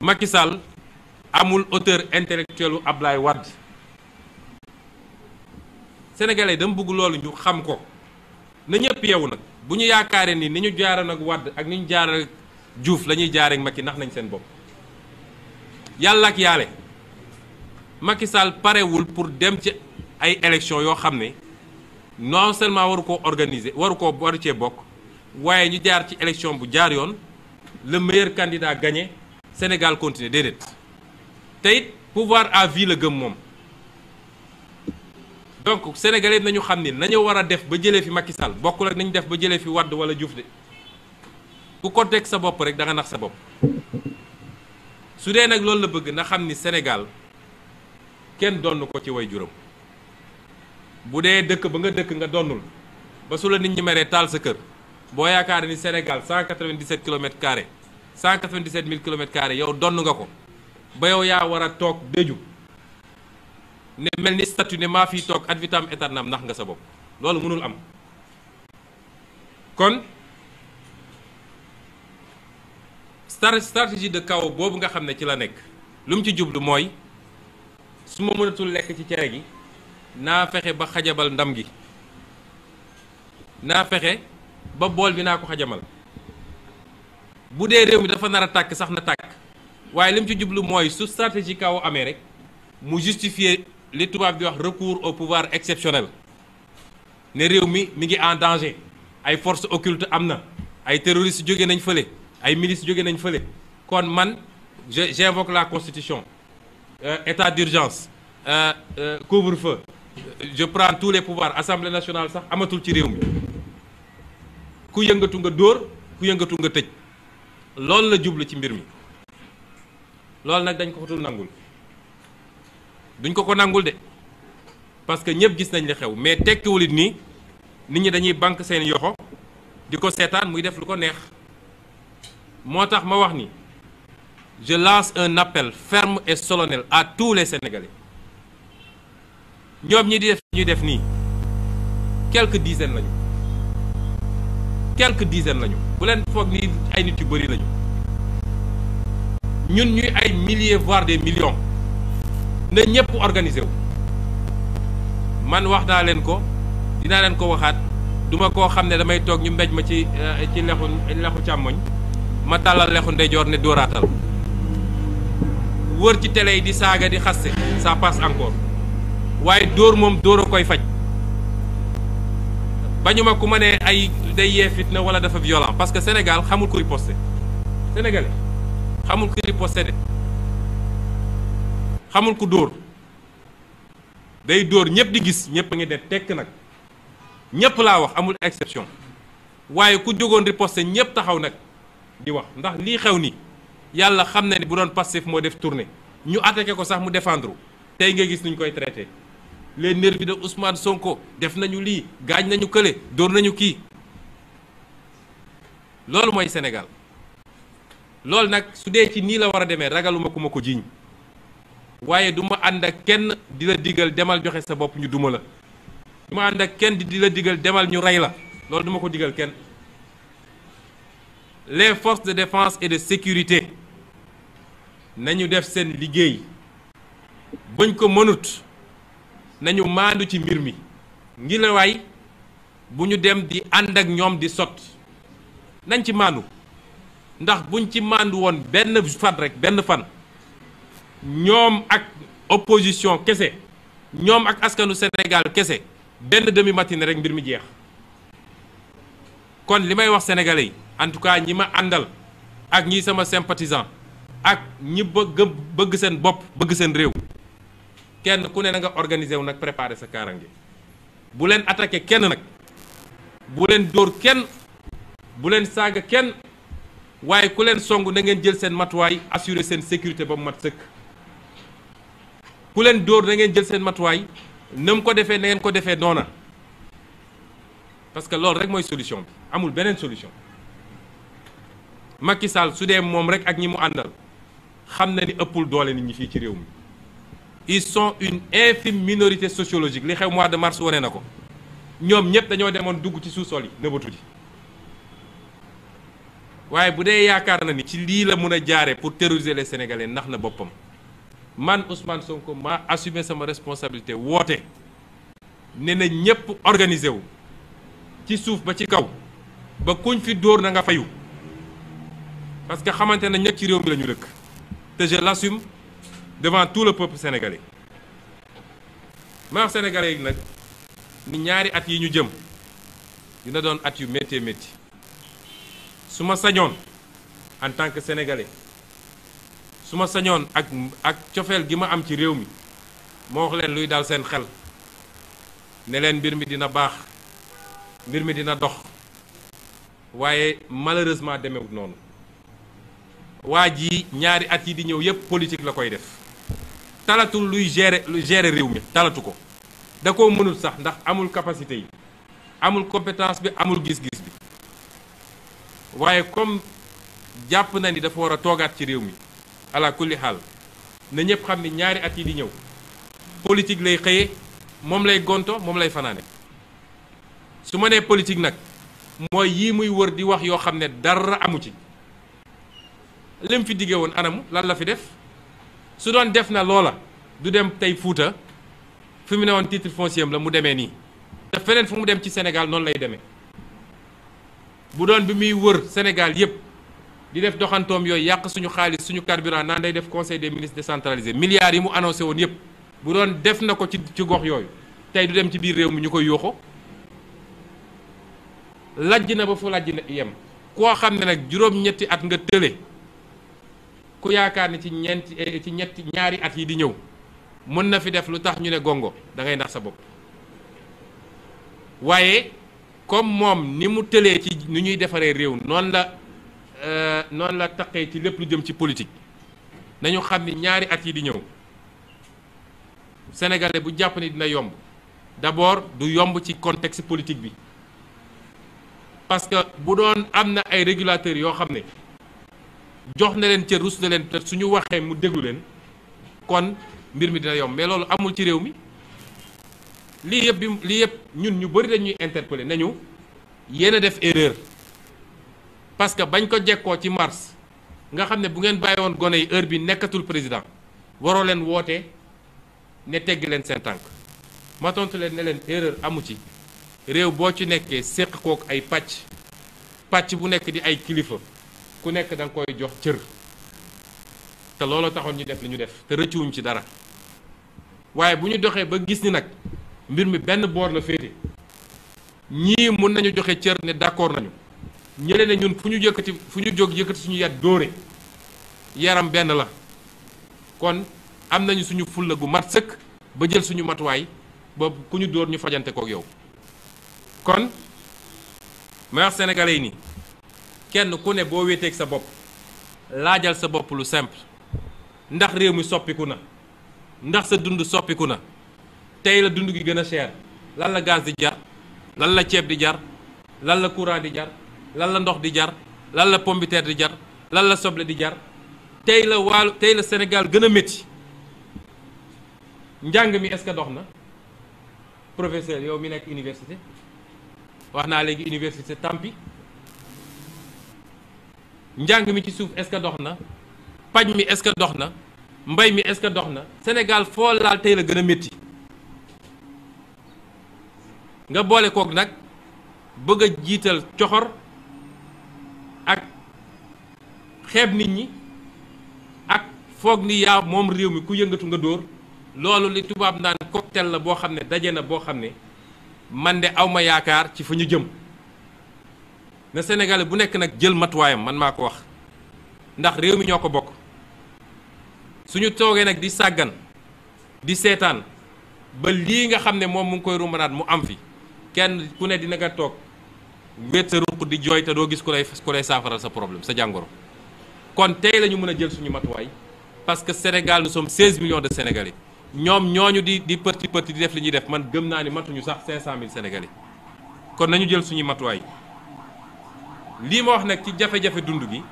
Macky Sall amul auteur intellectuel u Ablaye Wade sénégalais dama bëgg loolu ñu xam ko. na ñëpp yow nag bu ñu yaakaaree ni ni ñu jaaroon ak Wade ak ni ñu jaaroon ak Diouf la ñuy jaaree ak Macky nax nañ seen bopp yàlla ak yàlla Macky Sall parewul pour dem ci ay élections yoo xam ne non seulement waru ko organiser waru koo waru cee bokk waaye ñu jaar ci élection bu jaar yoon le meilleur candidat gagné Sénégal continuer déedéet te it pouvoir à vie la gëm moom. donc sénégalais nañu xam ni nañu war a def ba jëlee fi Macky Sall bokkul ak nañu def ba jëlee fi wadd wala Diouf de ku ko teg sa bopp rek da nga nax sa bopp su dee nag loolu la bëgg na xam ni Sénégal kenn donn ko ci way juróom bu dee dëkk ba nga dëkk nga donnul ba su la nit ñi meree taal sa kër boo yaakaar ni Sénégal 197 kilomètres carrés 197 000 kilomètres carrés yow donn nga ko ba yow yaa war a toog dëju ne mel ni statut ne maa fi toog ad vitam aeternam nax nga sa bopp loolu mënul am kon star stratégie de kaw boobu nga xam ne ci la nekk lu mu ci jublu mooy su mënatul lekk ci cere gi naa fexe ba xajabal ndam gi naa fexe ba bool bi ko xajamal bu dee réew dafa nar a tàkk sax na tàkk waaye li ci jublu mooy su stratégie kaw amee rek mu justifier li tubaab bi wax recours au pouvoir exceptionnel ne réew mi mi ngi en danger ay force occultes am na ay terroristes jóge nañ fële ay milices jóge nañ fële kon man je j'invoque la constitution euh, état d'urgence euh, euh, couvre-feu je prends tous les pouvoirs assemblée nationale sax amatul ci réew mi ku yëngatu nga dóor ku yëngatu nga tëj loolu la jublu ci mbir mi loolu nag dañ ko xutul nangul duñ ko ko nangul de parce que ñëpp gis nañ li xew mais tekkiwul it nii nit ñi dañuy banque seen yoxo di ko seetaan muy def lu ko neex moo tax ma wax ni je lance un appel ferme et solennel à tous les Sénégalais ñoom ñi di def ñuy def nii quelques dizaines lañu quelques dizaines lañu bu leen foog ni ay nit yu bëri lañu ñun ñuy ay milliers voire des millions na ñëpp organiser wu man wax naa leen ko dinaa leen ko waxaat duma koo xam ne damay toog ñu mbéj ma ci eh, ci lexu lexu càmmoñ ma tàllal lexu ndeyjoor ne dóoraatal wër ci télé yi di saaga di xaste ça passe encore waaye dóor moom dóor a koy faj bañu ma ku ma ne ay day yee na wala dafa violent parce que Sénégal xamul ku riposte sénégalais xamul ku riposte de amul ku dóor day dóor ñëpp di gis ñëpp ngi de tekk nag ñëpp laa wax amul exception waaye ku jógoon riposte ñëpp taxaw nag di wax ndax lii xew ni yàlla xam na ni bu doon fu moo def tournée ñu attaqué ko sax mu défendre tey nga gis nuñ koy traité les bi de Ousmane Sonko def nañu lii gaañ nañu kële dóor nañu kii loolu mooy Sénégal loolu nag su dee ci nii la war demee ragaluma ku ma ko jiiñ waaye duma ànd ak kenn di la digal demal joxe sa bopp ñu duma la du ànd ak kenn di la digal demal ñu rey la loolu du ko digal kenn les force de défense et de sécurité nañu def seen liggéey buñ ko mënut nañu maandu ci mbir mi ngi la waay bu ñu dem di ànd ak ñoom di sot nañ ci maandu ndax buñ ci maandu woon benn fan rek benn fan ñoom ak opposition kese ñoom ak askanu Sénégal kese benn demi matin rek mbir mi jeex kon li may wax sénégalais yi en tout cas ñi ma àndal ak ñi sama sympathisant ak ñi bëgg bëgg seen bopp bëgg seen réew kenn ku ne na nga organiser wu nag préparer sa kaarange bu leen attaqué kenn nag bu leen dóor kenn bu leen saaga kenn waaye ku leen song na ngeen jël seen matuwaay assurer seen sécurité ba mu mat sëkk ku leen dóor na ngeen jël seen matuwaay na mu ko defee na ngeen ko defee noona parce que loolu rek mooy solution bi amul beneen solution Macky Sall su dee moom rek ak ñi mu àndal xam na ni ëppul doole nit ñi fii ci réew mi ils sont une infime minorité sociologique li xew mois de mars wane na ko ñoom ñëpp dañoo demoon dugg ci sous-sol yi nëbbatu ji waaye bu dee yaakaar na ni ci lii la mën a jaare pour terroriser le Sénégalais ndax na boppam man Ousmane Sonko maa assumé sama responsabilité woote ne na ñépp organisé wu ci suuf ba ci kaw ba kuñ fi dóor na nga fayu parce que xamante nañ nag ci réew mi la ñu dëkk te je l'assume devant tout le peuple sénégalais ma wax sénégalais nag ni ñaari at yi ñu jëm dina doon at yu métti métti su ma sañoon en tant que sénégalais su ma sañoon ak ak cofeel gi ma am ci réew mi moo wax leen luy daal seen xel ne leen mbir mi dina baax mbir mi dina dox waaye malheureusement demewut noonu waa ji ñaari at yi di ñëw yépp politique la koy def talatul luy gérer luy gérer réew mi talatu ko da ko mënul sax ndax amul capacité yi amul compétence bi amul gis-gis bi waaye comme jàpp na ni dafa war a toogaat ci réew mi ala kulli xaal na ñëpp xam ne ñaari at yi di ñëw politique lay xëyee moom lay gonto moom lay fanaane su ma nee politique nag mooy yii muy wër di wax yoo xam ne dara amu ci lim fi diggee woon anamu lan la fi def su doon def na loola du dem tey Fuuta fi mu ne woon titre foncier la mu demee nii te feneen fu mu dem ci senegal noonu lay demee bu doon bi muy wër senegal yépp di def doxantoom yooyu yàq suñu xaalis suñu carburant naan day def conseil des ministres décentralisé milliards yi mu annoncé woon yëpp bu doon def na ko ci ci gox yooyu tey du dem ci biir réew mi ñu koy yooxo lajj na ba fu lajj na yem koo xam ne nag juróom-ñetti at nga tële ku yaakaar ni ci ñeenti eh, ñetti ñaari at yi di ñëw mën na fi def lu tax ñu ne gongo dangay ngay sa bopp waaye comme moom ni mu tëlee ci nu ñuy defaree réew noonu la Euh, noonu la taqee ci lépp lu jëm ci politique nañu xam ni ñaari at yi di ñëw sénégalais bu jàpp ni dina yomb d'abord du yomb ci contexte politique bi parce que bu doon am na ay régulateurs yoo xam ne jox na leen cër rus na leen te suñu waxee mu déglu leen kon mbir mi dina yomb mais loolu amul ci réew mi lii yëpp lii yëpp ñun ñu bëri dañuy interpeller nañu yéen a def erreur parce que bañ ko jekkoo ci mars nga xam ne bu ngeen bàyyi woon gone yi heure bi nekkatul président waroo leen woote ne tegg leen seen tànk ma tontu leen ne leen erreur amu ci réew boo ci nekkee séq kook ay pàcc pàcc bu nekk di ay kilifa ku nekk da nga koy jox cër te looloo taxoon ñu def li ñu def te rëccuwuñ ci dara waaye bu ñu doxee ba gis ni nag mbir mi benn boor la féete ñii mun nañu joxe cër ne d'accord nañu ñële ne ñun fu ñu yëkkati fu ñu jóg yëkkati suñu yat dóore yaram benn la kon am nañu suñu fulla gu mat sëkk ba jël suñu matuwaay boobu ku ñu dóor ñu fajante kook yow kon ma wax yi ni kenn ku ne boo wéeteeg sa bopp laajal sa bopp lu simple ndax réew mi soppiku na ndax sa dund soppiku na tey la dund gi gën a cher lan la gaz di jar lan la ceeb di jar lan la courant di jar lan la ndox di jar lal la pomme di jar lan la soble di jar tey la waalu tey la Sénégal gën a métti njàng mi est-ce que dox na professeur yow mi nekk université wax naa léegi université tampi njàng mi ci suuf est-ce que dox na paj mi est-ce que dox na mbay mi est-ce que dox na Sénégal foo laal tey la gën a métti nga boole kook nag bëgg a jiital coxor xeeb nit ñi ak foog ni yaa moom réew mi ku yëngatu nga dóor loolu li tubaab ndaan cocktail la boo xam ne daje na boo xam ne man de awma yaakaar ci fu ñu jëm na senegale bu nekk nag jël matuwaayam man maa ko wax ndax réew mi ñoo ko bokk suñu toogee nag di sàggan di seetaan ba lii nga xam ne moom mu ngi koy rumbanaat mu am fi kenn ku ne dina nga toog wéet sa ruq di jooy te doo gis ku lay ku lay saafaral sa problème sa jàngoro kon tey la ñu mën a jël suñu matuwaay parce que Sénégal nous sommes 16 millions de Sénégalais ñoom ñooñu di di përti përti di def li ñuy def man gëm naa ni matuñu sax 500000 Sénégalais kon nañu jël suñu matuwaay lii ma wax nag ci jafe-jafe dund gi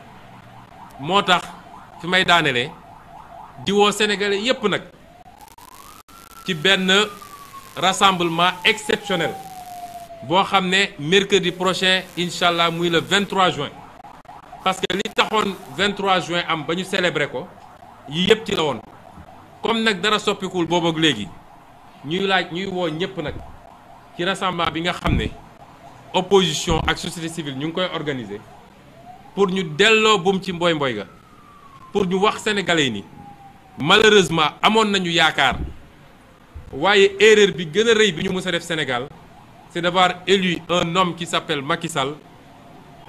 moo tax fi may daanelee di woo yépp nag ci benn rassemblement exceptionnel boo xam ne mercredi prochain incha allah muy le 23 juin. parce que li taxoon 23 juin am ba ñu célébrer ko yi yëpp ci la woon comme nag dara soppikuwul boobook léegi ñuy laaj ñuy woo ñëpp nag ci rassemblement bi nga xam ne opposition ak société civile ñu ngi koy organiser pour ñu delloo buum ci mbooy mbooy ga pour ñu wax sénégalais ni malheureusement amoon nañu yaakaar waaye erreur bi gën a rëy bi ñu mës a def Sénégal c'est d'avoir élu un homme qui s'appelle Macky Sall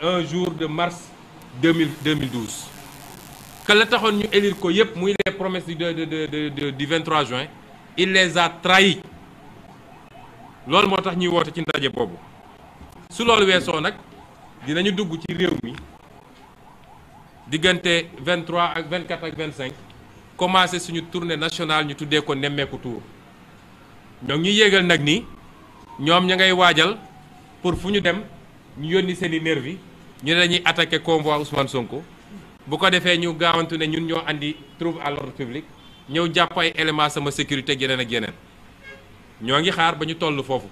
un jour de mars 2012 que la taxoon ñu élire ko yépp muy les promesses du de de de du 23 juin il les a trahis loolu moo tax ñuy woote ci ndaje boobu su loolu weesoo nag dina ñu dugg ci réew mi diggante 23 ak 24 ak 25 commencé suñu tournée nationale ñu tuddee ko nemmeeku tour ñoo ñu ñuy nag ni ñoom ña ngay waajal pour fu ñu dem ñu yónni seen i nervi ñu ne dañuy attaqué convoi Ousmane Sonko bu ko defee ñu gaawantu ne ñun ñoo indi trouble à l'ordre public ñëw jàpp ay élément sama sécurité yeneen ak yeneen ñoo ngi xaar ba ñu toll foofu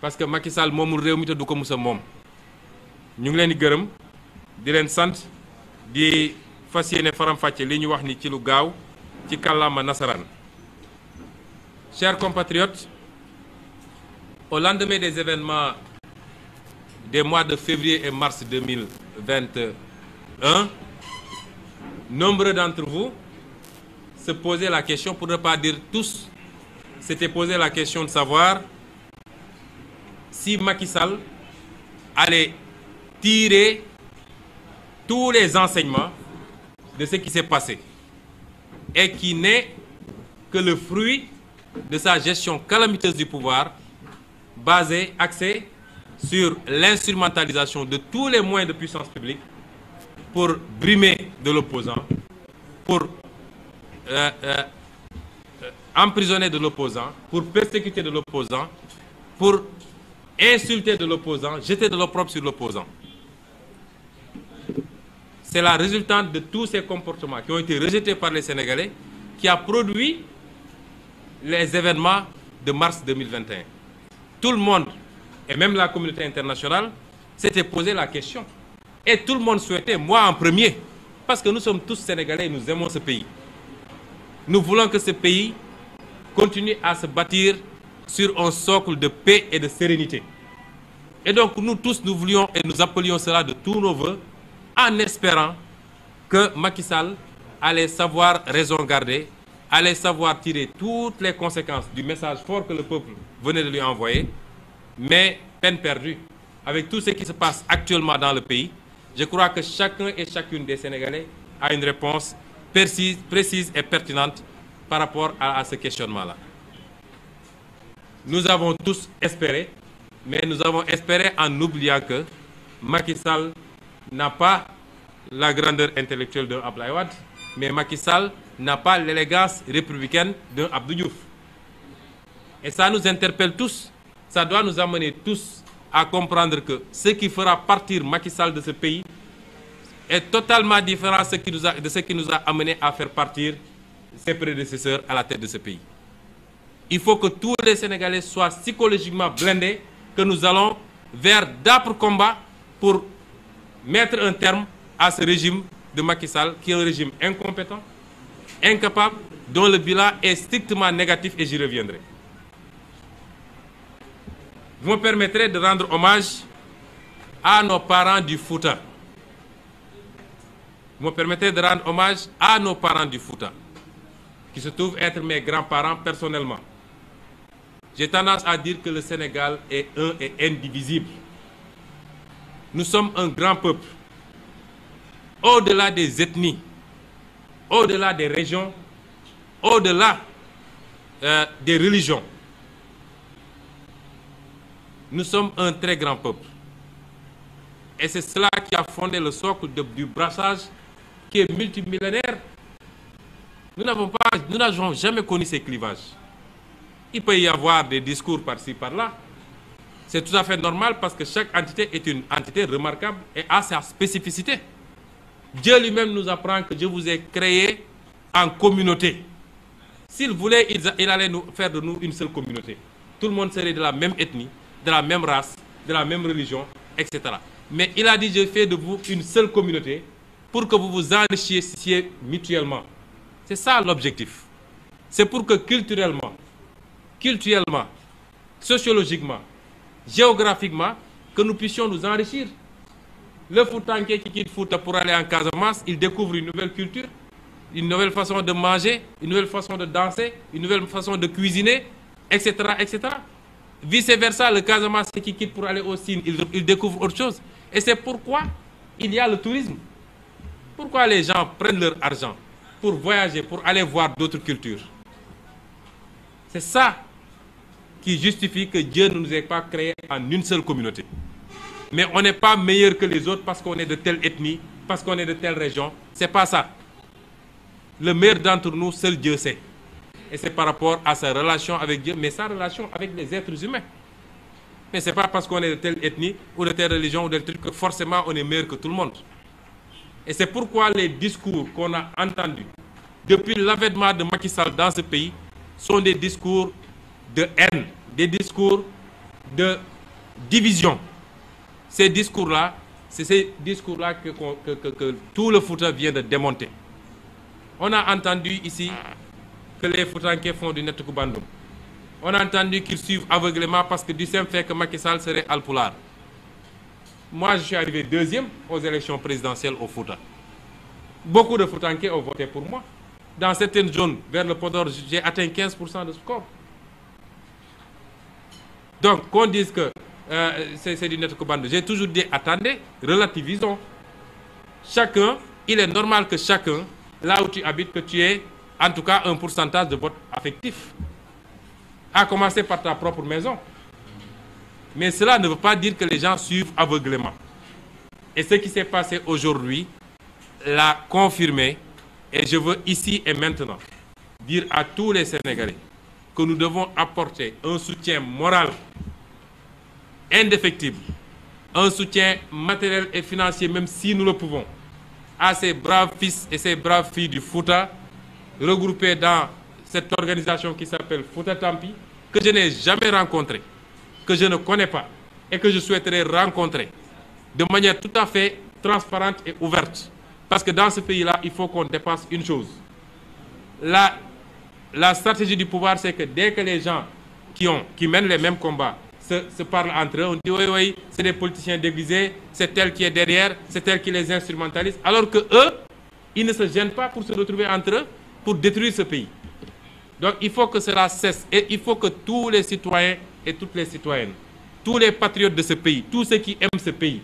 parce que Macky Sall moomul réew mi te du ko musa moom ñu ngi leen di gërëm di leen sant di fas yéene faram-fàcce li ñu wax ni ci lu gaaw ci kàllaama nasaraan chers compatriotes au lendemain des des mois de février et mars 2021, nombreux d'entre vous se posaient la question, pour ne pas dire tous, s'étaient posé la question de savoir si Macky Sall allait tirer tous les enseignements de ce qui s'est passé et qui n'est que de sa gestion calamiteuse pouvoir basée, axée sur l'instrumentalisation de tous les moyens de puissance publique pour brimer de l'opposant, pour euh, euh, emprisonner de l'opposant, pour persécuter de l'opposant, pour insulter de l'opposant, jeter de l'opprobre sur l'opposant. C'est la résultante de tous ces comportements qui ont été rejetés par les Sénégalais qui a produit les événements de mars 2021. Tout le monde et même la communauté internationale s'était posé la question. Et tout le monde souhaitait, moi en premier, parce que nous sommes tous Sénégalais et nous aimons ce pays. Nous voulons que ce pays continue à se bâtir sur un socle de paix et de sérénité. Et donc nous tous, nous voulions et nous appelions cela de tous nos voeux, en espérant que Macky Sall allait savoir raison garder, allait savoir tirer toutes les conséquences du message fort que le peuple venait de lui envoyer. Mais peine perdue. Avec tout ce qui se passe actuellement dans le pays, je crois que chacun et chacune des Sénégalais a une réponse précise, et pertinente par rapport à, à ce questionnement-là. Nous avons tous espéré, mais nous avons espéré en oubliant que Macky Sall n'a pas la grandeur intellectuelle d'un Abdoulaye mais Macky Sall n'a pas l'élégance républicaine d'un Abdou Diouf. Et ça nous interpelle tous ça doit nous amener tous à comprendre que ce qui fera partir Macky Sall de ce pays est totalement différent de ce qui nous a, de ce qui nous a amené à faire partir ses prédécesseurs à la tête de ce pays. Il faut que tous les Sénégalais soient psychologiquement blindés, que nous allons vers d'âpres combats pour mettre un terme à ce régime de Macky Sall, qui est un régime incompétent, incapable, dont le bilan est strictement négatif et j'y reviendrai. Vous me permettrez de rendre hommage à nos parents du Fouta. Vous me permettez de à nos parents Fouta, qui se trouvent être mes grands-parents personnellement. J'ai tendance à dire que le Sénégal est un et indivisible. Nous sommes un grand peuple. Au-delà des ethnies, au-delà des régions, au-delà euh, des religions. Nous sommes un très grand peuple. Et c'est cela qui a fondé le socle de, du brassage qui est multimillénaire. Nous n'avons pas, nous n'avons jamais connu ces clivages. Il peut y avoir des discours par-ci, par-là. C'est tout à fait normal parce que chaque entité est une entité remarquable et a sa spécificité. Dieu lui-même nous apprend que Dieu vous est créé en communauté. S'il voulait, il allait nous faire de nous une seule communauté. Tout le monde serait de la même ethnie. de la même race, de la même religion, etc. Mais il a dit, je fais de vous une seule communauté pour que vous vous enrichissiez mutuellement. C'est ça l'objectif. C'est pour que culturellement, culturellement, sociologiquement, géographiquement, que nous puissions nous enrichir. Le Foutanké qui quitte Fouta pour aller en Casamance, il découvre une nouvelle culture, une nouvelle façon de manger, une nouvelle façon de danser, une nouvelle façon de cuisiner, etc., etc. vice versa le Casamance qui quitte pour aller au Sine il, il découvre autre chose et c'est pourquoi il y a le tourisme pourquoi les gens prennent leur argent pour voyager pour aller voir d'autres cultures c'est ça qui justifie que Dieu ne nous ait pas créés en une seule communauté mais on n'est pas meilleur que les autres parce qu'on est de telle ethnie parce qu'on est de telle région c'est pas ça le meilleur d'entre nous seul Dieu et c'est par rapport à sa relation avec Dieu, mais sa relation avec les êtres humains. Mais c'est pas parce qu'on est de telle ethnie ou de telle religion ou de tel truc que forcément on est meilleur que tout le monde. Et c'est pourquoi les discours qu'on a entendus depuis l'avènement de Macky dans ce pays sont des discours de haine, des discours de division. Ces discours-là, c'est ces discours que tout le Fouta vient de démonter. On a entendu ici que les Foutanké font du Nettoukoubandoum. On a entendu qu'ils suivent aveuglément parce que du simple fait que Macky Sall serait Alpoulard. je suis arrivé deuxième aux élections présidentielles au Fouta. Beaucoup de Foutanké ont voté pour moi. Dans certaines zones, vers le Podor, j'ai atteint de score. Donc, qu'on dise que euh, c'est du Nettoukoubandoum, j'ai toujours dit attendez, relativisons. Chacun, il est normal que chacun, là où tu habites, que tu es en tout cas un pourcentage de vote affectif, à commencer par ta propre maison. Mais cela ne veut pas dire que les gens suivent aveuglément. Et ce qui s'est passé aujourd'hui l'a confirmé, et je veux ici et maintenant dire à tous les Sénégalais que nous devons apporter un soutien moral indéfectible, un soutien matériel et financier, même si nous le pouvons, à ces braves fils et ces braves filles du Fouta regroupés dans cette organisation qui s'appelle Fouta Tampi, que je n'ai jamais rencontré, que je ne connais pas et que je souhaiterais rencontrer de manière tout à fait transparente et ouverte. Parce que dans ce pays-là, il faut qu'on dépasse une chose. La, la stratégie du pouvoir, c'est que dès que les gens qui, ont, qui mènent les mêmes combats se, se parlent entre eux, on dit oui, oui, c'est des politiciens déguisés, c'est tel qui est derrière, c'est tel qui les instrumentalise, alors que eux, ils ne se entre pour détruire ce pays. Donc il faut que cela cesse et il faut que tous les citoyens et toutes les citoyennes, tous les patriotes de ce pays, tous ceux qui aiment ce pays,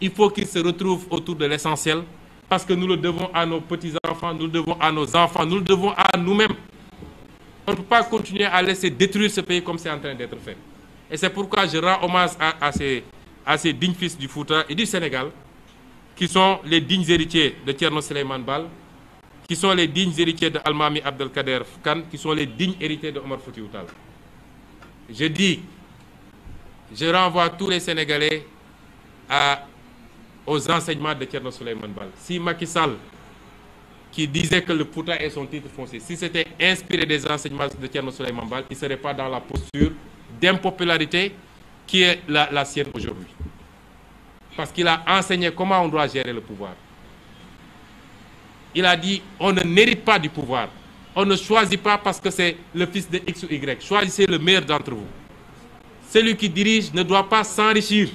il faut qu'ils se retrouvent autour de l'essentiel parce que nous le devons à nos petits-enfants, nous le devons à nos enfants, nous le devons à nous-mêmes. On ne peut pas continuer à laisser détruire ce pays comme c'est en train d'être fait. Et c'est pourquoi je rends hommage à, ces, dignes fils du Fouta et du Sénégal les dignes héritiers de Thierno Souleymane Baal. qui sont les dignes héritiers de Almami Abdelkader Khan, qui sont les dignes héritiers de Omar Foutiou Je dis, je renvoie tous les Sénégalais à, aux enseignements de Tierno Souleyman Bal. Si Macky Sall, qui disait que le Pouta est son titre foncier, si c'était inspiré des enseignements de Tierno Souleyman Bal, il serait pas dans la posture d'impopularité qui est la, la sienne aujourd'hui. Parce qu'il a enseigné comment on doit gérer le pouvoir. il a dit on ne hérite pas du pouvoir on ne choisit pas parce que c'est le fils de X ou Y choisissez le maire d'entre vous celui qui dirige ne doit pas s'enrichir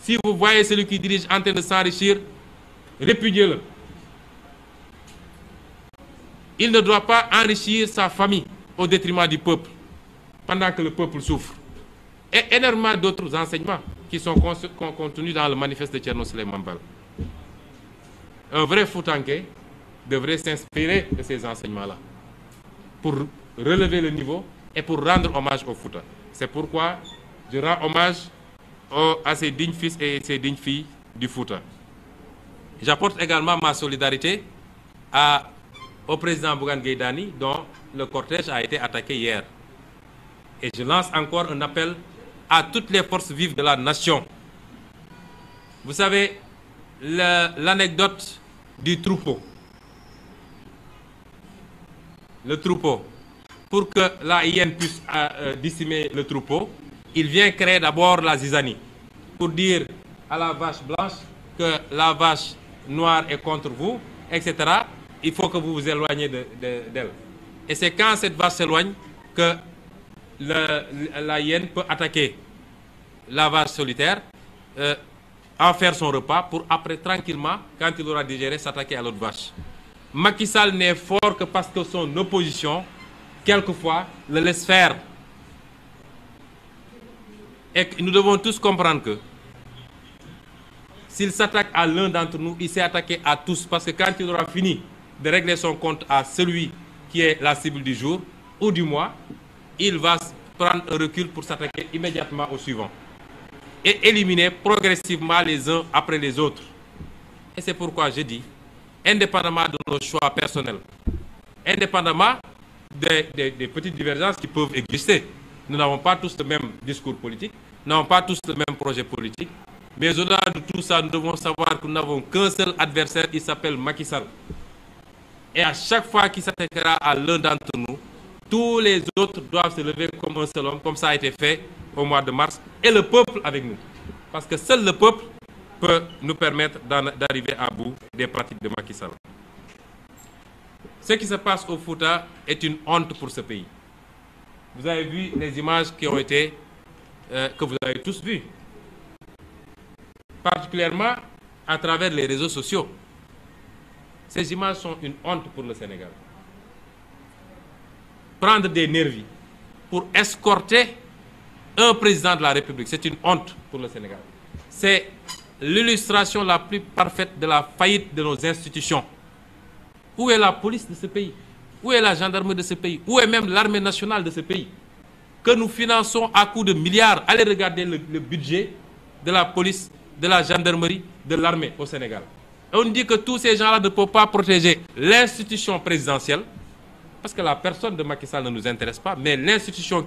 si vous voyez celui qui dirige en train de s'enrichir répudiez-le il ne doit pas enrichir sa famille au détriment du peuple pendant que le peuple souffre et énormément d'autres enseignements qui sont contenus dans le manifeste de Thierno Souleymane Bal un vrai Foutanké devrait s'inspirer de ces enseignements-là pour relever le niveau et pour rendre hommage au Fouta. C'est pourquoi je rends hommage au, à ces dignes fils et ces dignes filles du Fouta. J'apporte également ma solidarité à, au président Bougane Gueye Dany dont le cortège a été attaqué hier. Et je lance encore un appel à toutes les forces vives de la nation. Vous savez, l'anecdote du troupeau. Le troupeau. Pour que la hyène puisse euh, euh, décimer le troupeau, il vient créer d'abord la zizanie pour dire à la vache blanche que la vache noire est contre vous, etc. Il faut que vous vous éloignez d'elle. De, de, Et c'est quand cette vache s'éloigne que la hyène peut attaquer la vache solitaire. Euh, en faire son repas pour après tranquillement quand il aura digéré s'attaquer à l'autre vache Macky n'est fort que parce que son opposition quelquefois le laisse faire et nous devons tous comprendre que s'il s'attaque à l'un d'entre nous il s'est attaqué à tous parce que quand il aura fini de régler son compte à celui qui est la cible du jour ou du mois il va prendre un recul pour s'attaquer immédiatement au suivant et éliminer progressivement les uns après les autres. Et c'est pourquoi je dis, indépendamment de nos choix personnels, indépendamment des, des, petites divergences qui peuvent exister, nous n'avons pas tous le même discours politique, nous n'avons pas tous le même projet politique, mais au-delà de tout ça, nous devons savoir que nous n'avons qu'un seul adversaire, il s'appelle Macky Et à chaque fois qu'il s'attaquera à l'un d'entre nous, tous les autres doivent au mois de mars et le peuple avec nous. Parce que seul le peuple peut nous permettre d'arriver à bout des pratiques de Macky Sall. Ce qui se passe au Fouta est une honte pour ce pays. Vous avez vu les images qui ont euh, que vous avez tous vues, particulièrement à travers les réseaux sociaux. Ces images sont une honte pour le Sénégal. Prendre des nervis pour escorter un président de la République c'est une honte pour le Sénégal c'est l'illustration la plus parfaite de la faillite de nos institutions où est la police de ce pays où est la gendarmerie de ce pays où est même l'armée nationale de ce pays que nous finançons à coups de milliards allez regarder le, le budget de la police de la gendarmerie de l'armée au Sénégal on dit que tous ces gens-là ne peuvent pas protéger l'institution présidentielle parce que la personne de Macky Sall ne nous intéresse pas mais l'institution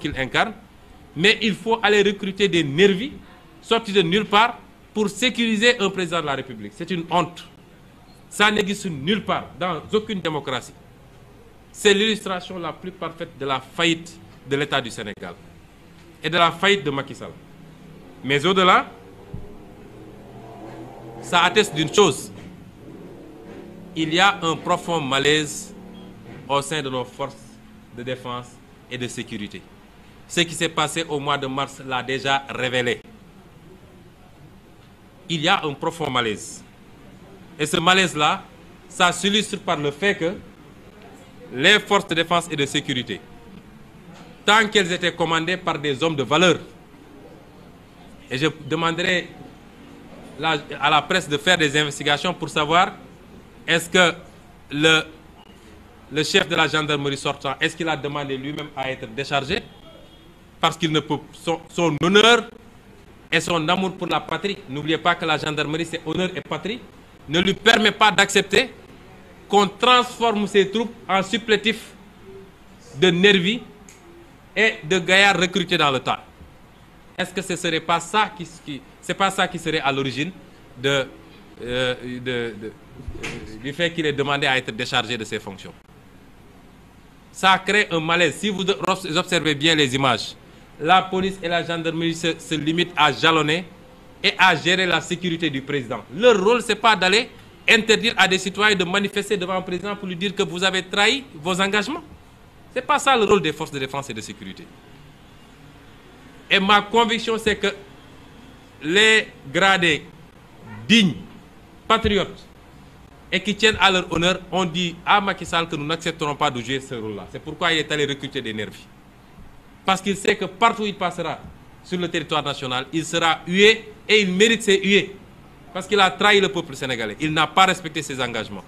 mais il faut aller recruter des nervis sortis de nulle part pour sécuriser un président de la République c'est une honte ça n'existe nulle part dans aucune démocratie c'est l'illustration la plus parfaite de la faillite de l'État du Sénégal et de la faillite de Macky Sall mais au-delà ça atteste d'une chose il y a un profond malaise au sein de nos forces de défense et de sécurité Ce qui s'est passé au mois de mars l'a déjà révélé. Il y a un profond malaise. Et ce malaise-là, ça par le fait que les forces de défense et de sécurité, tant qu'elles étaient commandées par des hommes de valeur, et je demanderai à la presse de faire des investigations pour savoir est-ce que le, le chef de la gendarmerie sortant, est-ce qu'il a demandé lui-même à être déchargé? parce qu'il ne peut son, son honneur et son amour pour la patrie n'oubliez pas que la gendarmerie c'est honneur et patrie ne lui permet pas d'accepter qu'on transforme ses troupes en supplétifs de nervis et de gaillards recrutés dans le temps est-ce que ce serait pas c'est pas ça qui serait à l'origine de, euh, de, de euh, du fait qu'il est demandé à être déchargé de ses fonctions ça crée un malaise si vous observez bien les images la police et la gendarmerie se, se limitent à jalonner et à gérer la sécurité du président. Leur rôle, c'est pas d'aller interdire à des citoyens de manifester devant le président pour lui dire que vous avez trahi vos engagements. C'est pas le rôle des forces de défense et de sécurité. Et ma conviction, c'est que les gradés dignes, patriotes et qui tiennent à leur honneur ont dit à Macky Sall que nous n'accepterons pas de jouer ce rôle-là. C'est pourquoi il est parce qu'il sait que partout où il passera sur le territoire national il sera hué et il mérite ses huées parce qu'il a trahi le peuple sénégalais il n'a pas respecté ses engagements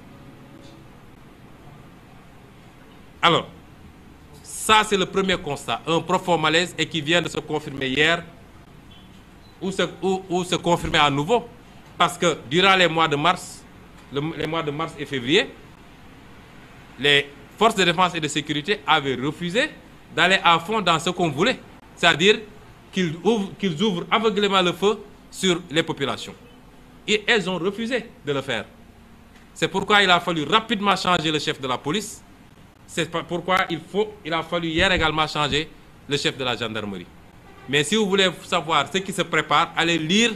alors c'est le premier constat un profond malaise et qui vient de se confirmer hier ou se, ou, confirmer à nouveau parce que durant mois de mars le, les mois de mars et février les forces de défense et de sécurité avaient refusé d'aller en fond dans ce qu'on voulait, c'est-à-dire qu'ils ouvrent, qu'ils ouvrent aveuglément le feu sur les populations. Et elles ont refusé de le faire. C'est pourquoi il a fallu rapidement changer le chef de la police. C'est pourquoi il faut, il a fallu hier également changer le chef de la gendarmerie. Mais si vous voulez savoir ce qui se prépare, allez lire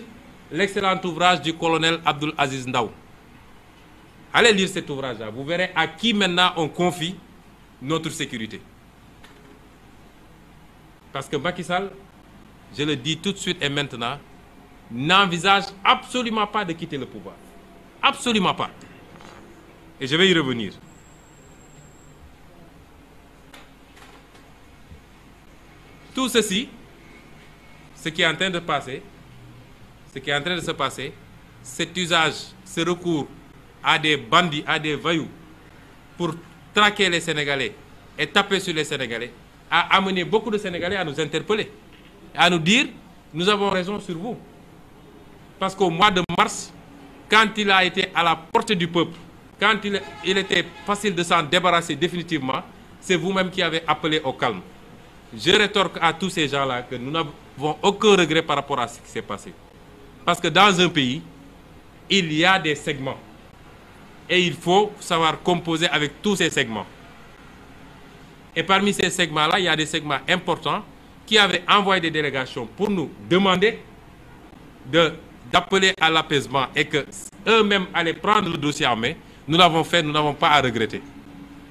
l'excellent ouvrage du colonel Abdoul Aziz Ndaw. Allez lire cet ouvrage-là, vous verrez à qui maintenant on confie notre sécurité. Parce que Macky Sall, je le dis tout de suite et maintenant, n'envisage absolument pas de quitter le pouvoir. Absolument pas. Et je vais y revenir. Tout ceci, ce qui est en train de passer, ce qui est en train de se passer, cet usage, ce recours à des bandits, à des voyous pour traquer les Sénégalais et taper sur les Sénégalais a amené beaucoup de Sénégalais à nous interpeller, à nous dire, nous avons raison sur vous. Parce qu'au mois de mars, quand il a été à la portée du peuple, quand il, il était facile de s'en débarrasser définitivement, c'est vous-même qui avez appelé au calme. Je rétorque à tous ces gens-là que nous n'avons aucun regret par rapport à ce qui s'est passé. Parce que dans un pays, il y a des segments. Et il faut savoir composer avec tous ces segments. Et parmi ces segments-là, il y a des segments importants qui avaient envoyé des délégations pour nous demander de d'appeler à l'apaisement et que eux-mêmes allaient prendre le dossier en main. Nous l'avons fait, nous n'avons pas à regretter.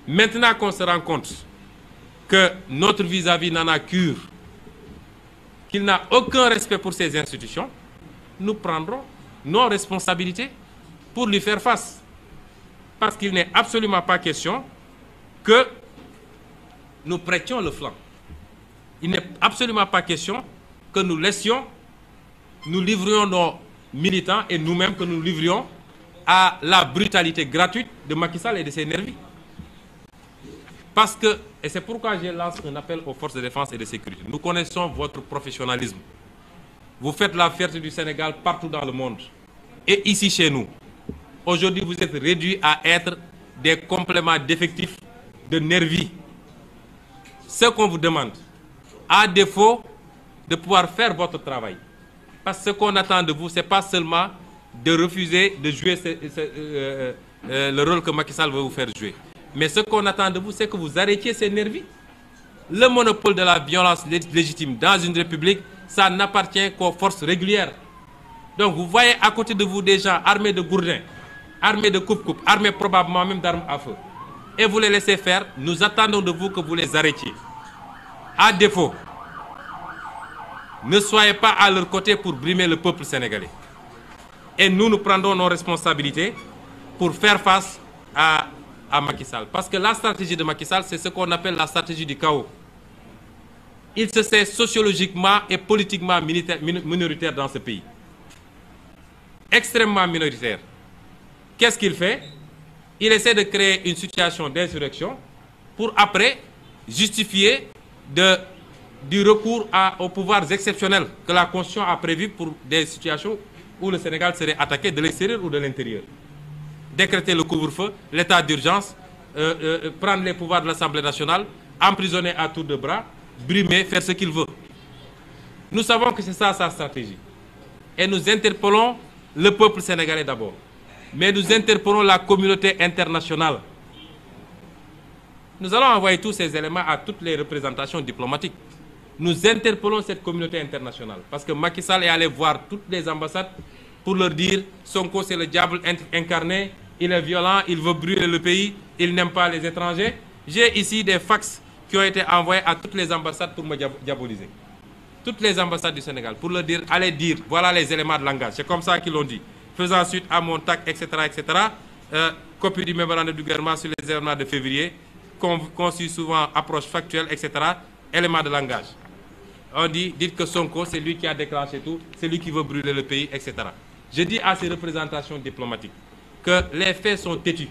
Maintenant qu'on se rend compte que notre vis-à-vis n'en a cure, qu'il n'a aucun respect pour ces institutions, nous prendrons nos responsabilités pour lui faire face. Parce qu'il n'est absolument pas question que nous prêtions le flanc. Il n'est absolument pas question que nous laissions, nous livrions nos militants et nous-mêmes que nous livrions à la brutalité gratuite de Macky Sall et de ses nervis. Parce que, et c'est pourquoi je lance un appel aux forces de défense et de sécurité. Nous connaissons votre professionnalisme. Vous faites la fierté du Sénégal partout dans le monde et ici chez nous. Aujourd'hui, vous êtes réduits à être des compléments d'effectifs de nervis. ce qu'on vous demande, à défaut de pouvoir faire votre travail. Parce que ce qu'on attend de vous, ce n'est pas seulement de refuser de jouer euh, euh, euh, le rôle que Macky Sall veut vous faire jouer. Mais ce qu'on attend de vous, c'est que vous arrêtiez ces nervis. Le monopole de la violence légitime dans une république, ça n'appartient qu'aux forces régulières. Donc vous voyez à côté de vous des gens armés de gourdins, armés de coupe-coupe, armés probablement même d'armes et vous les laissez faire, nous attendons de vous que vous les arrêtiez. À défaut, ne soyez pas à leur côté pour brimer le peuple sénégalais. Et nous, nous prendrons nos responsabilités pour faire face à, à Macky Sall. Parce que la stratégie de Macky Sall, c'est ce qu'on appelle la stratégie du chaos. Il se sait sociologiquement et politiquement minoritaire dans ce pays. Extrêmement minoritaire. Qu'est-ce qu'il fait? il essaie de créer une situation d'insurrection pour après justifier de du recours à aux pouvoirs exceptionnels que la Constitution a prévus pour des situations où le Sénégal serait attaqué de l'extérieur ou de l'intérieur. Décréter le couvre-feu, l'état d'urgence, euh, euh, prendre les pouvoirs de l'Assemblée nationale, emprisonner à tour de bras, brimer, faire ce qu'il veut. Nous savons que c'est ça sa stratégie. Et nous interpellons le peuple sénégalais d'abord. mais nous interpellons la communauté internationale. Nous allons envoyer tous ces éléments à toutes les représentations diplomatiques. Nous interpellons cette communauté internationale parce que Macky Sall est allé voir toutes les ambassades pour leur dire Sonko c'est le diable incarné, il est violent, il veut brûler le pays, il n'aime pas les étrangers. J'ai ici des fax qui ont été envoyés à toutes les ambassades pour me diaboliser. Toutes les ambassades Sénégal pour leur dire allez dire voilà les éléments de langage. C'est comme ça qu'ils faisant suite à mon TAC, etc., etc., euh, copie du mémorandum du gouvernement sur les événements de février, conçu souvent approche factuelle, etc., élément de langage. On dit, dites que Sonko, c'est lui qui a déclenché tout, c'est lui qui veut brûler le pays, etc. Je dis à ces représentations diplomatiques que les faits sont têtus.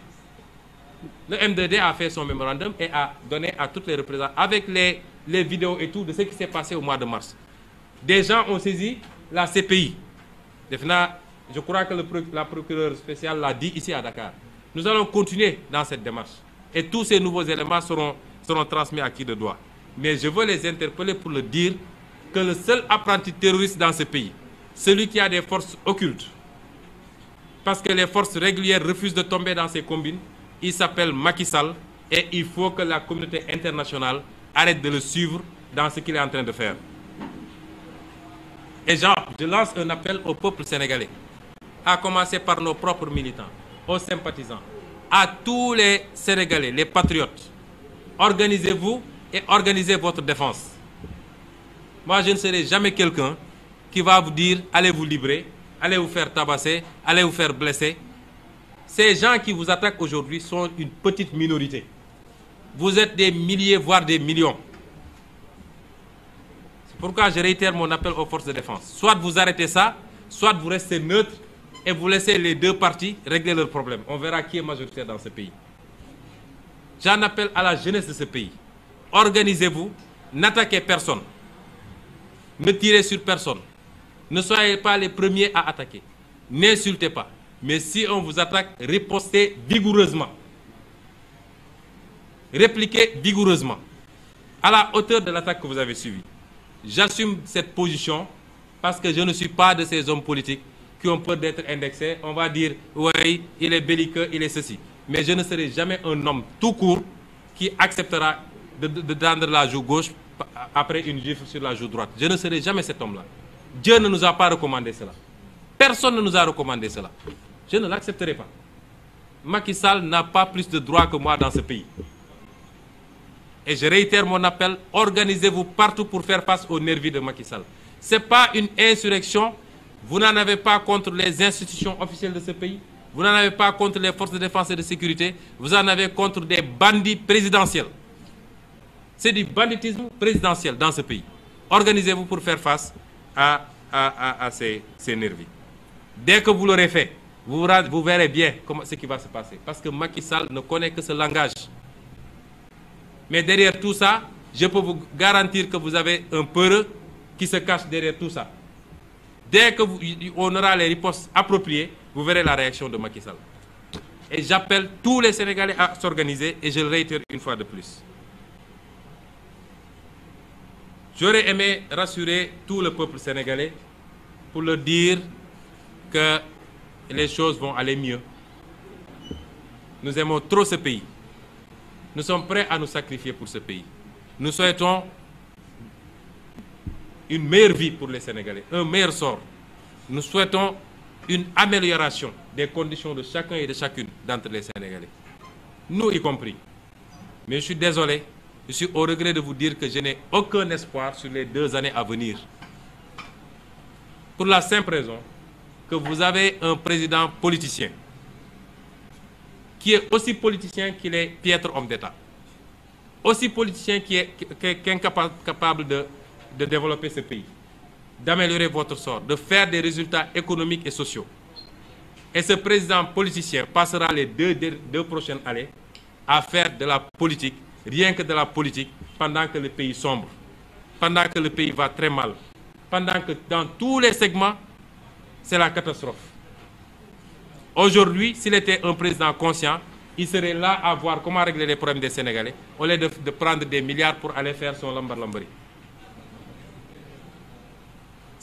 Le MDD a fait son mémorandum et a donné à toutes les représentations, avec les, les vidéos et tout, de ce qui s'est passé au mois de mars. Des gens ont saisi la Je crois que le, la procureure spéciale l'a dit ici à Dakar. Nous allons continuer dans cette démarche. Et tous ces nouveaux éléments seront, seront transmis à qui de droit. Mais je veux les interpeller pour le dire que le seul apprenti terroriste dans ce pays, celui qui a des forces occultes, parce que les forces régulières refusent de tomber dans ces combines, il s'appelle Macky Sall et il faut que la communauté internationale arrête de le suivre dans ce qu'il est en train de faire. Et Jean, je lance un appel à commencer par nos propres militants, aux sympathisants, à tous les Sénégalais, les patriotes. Organisez-vous et organisez votre défense. Moi, je ne serai jamais quelqu'un qui va vous dire allez vous livrer, allez vous faire tabasser, allez vous faire blesser. Ces gens qui vous attaquent aujourd'hui sont une petite minorité. Vous êtes des milliers, voire des millions. C'est pourquoi je réitère mon appel aux forces de défense. Soit vous arrêtez ça, soit vous restez neutre et vous laissez les deux partis régler leurs problèmes on verra qui est majoritaire dans ce pays j'en appelle à la jeunesse de ce pays organisez-vous n'attaquez personne ne tirez sur personne ne soyez pas les premiers à attaquer n'insultez pas mais si on vous attaque ripostez vigoureusement répliquez vigoureusement à la hauteur de l'attaque que vous avez suivie j'assume cette position parce que je ne suis pas de ces hommes politiques qui ont peur d'être indexés, on va dire, il est belliqueux, il est ceci. Mais je ne serai jamais un homme tout court qui acceptera de, de, de tendre la joue gauche après une gifle sur la joue droite. Je ne serai jamais cet homme-là. Dieu ne nous a pas recommandé cela. Personne ne nous a recommandé cela. Je ne l'accepterai pas. Macky n'a pas plus de droits que moi dans ce pays. Et je réitère mon appel, organisez-vous partout pour faire face aux nervis de Macky Sall. vous n'en avez pas contre les institutions officielles de ce pays vous n'en avez pas contre les forces de défense et de sécurité vous en avez contre des bandits présidentiels c'est du banditisme présidentiel dans ce pays organisez-vous pour faire face à à à à ces ces nervis dès que vous l'aurez fait vous verrez bien comment ce qui va se passer parce que Macky Sall ne connaît que ce langage mais derrière tout ça je peux vous garantir que vous avez un peureux qui se cache derrière tout ça dès que vous, on aura les ripostes appropriées vous verrez la réaction de Macky Sall et j'appelle tous les Sénégalais à s'organiser et je le réitère une fois de plus j'aurais aimé rassurer tout le peuple sénégalais pour leur dire que les choses vont aller mieux nous aimons trop ce pays nous sommes prêts à nous sacrifier pour ce pays nous souhaitons une meilleure vie pour les Sénégalais, un meilleur sort. Nous souhaitons une amélioration des conditions de chacun et de chacune d'entre les Sénégalais, nous y compris. Mais je suis désolé, je suis au regret de vous dire que je n'ai aucun espoir sur les deux années à venir. Pour la simple raison que vous avez un président politicien qui est aussi politicien qu'il est piètre homme d'État, aussi politicien qui est, qui de de développer ce pays, d'améliorer votre sort, de faire des résultats économiques et sociaux. Et ce président politicien passera les deux, deux prochaines années à faire de la politique, rien que de la politique, pendant que le pays sombre, pendant que le pays va très mal, pendant que dans tous les segments, c'est la catastrophe. Aujourd'hui, s'il était un président conscient, il serait là à voir comment régler les problèmes des Sénégalais, au lieu de, de prendre des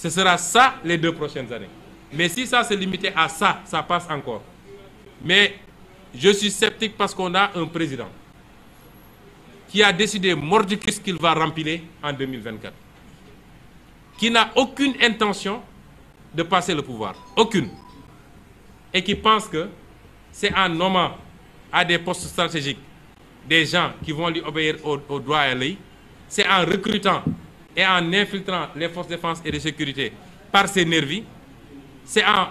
Ce sera ça les deux prochaines années. Mais si ça se à ça, ça passe encore. Mais je suis sceptique parce qu'on a un président qui a décidé mordicus qu'il va rempiler en 2024, qui n'a aucune intention de passer le pouvoir, aucune, et qui que c'est en nommant à des postes stratégiques des gens qui vont lui obéir au, au droit et en infiltrant les forces de défense et de sécurité par ses nervis, c'est en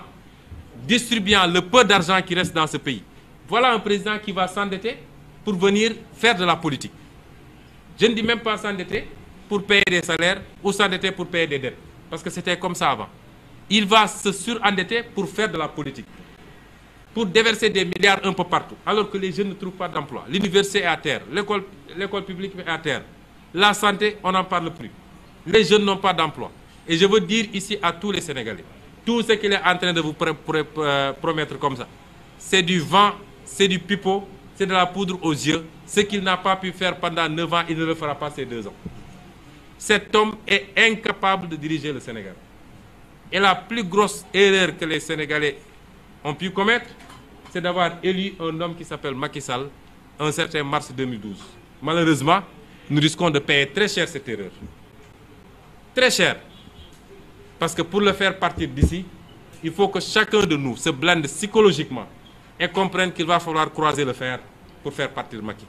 distribuant le peu d'argent qui reste dans ce pays. Voilà un président qui va s'endetter pour venir faire de la politique. Je ne dis même pas s'endetter pour payer des salaires ou s'endetter pour payer des dettes, parce que c'était comme ça avant. Il va se surendetter pour faire de la politique, pour déverser des milliards un peu partout, alors que les jeunes ne trouvent pas d'emploi. L'université est à à terre. La santé, on n'en parle plus. les jeunes n'ont pas d'emploi. Et je veux dire ici à tous les Sénégalais, tout ce qu'il est en train de vous pr pr pr euh, promettre comme ça, c'est du vent, c'est du pipeau, c'est de la poudre aux yeux. Ce qu'il n'a pas pu faire pendant neuf ans, il ne le fera pas ces deux ans. Cet homme est incapable de diriger le Sénégal. Et la plus grosse erreur que les Sénégalais ont pu commettre, c'est d'avoir élu un homme qui s'appelle Macky Sall un certain mars 2012. Malheureusement, nous risquons de payer très cher cette erreur. très cher parce que pour le faire partir d'ici il faut que chacun de nous se blinde psychologiquement et comprenne qu'il va falloir croiser le fer pour faire partir Macky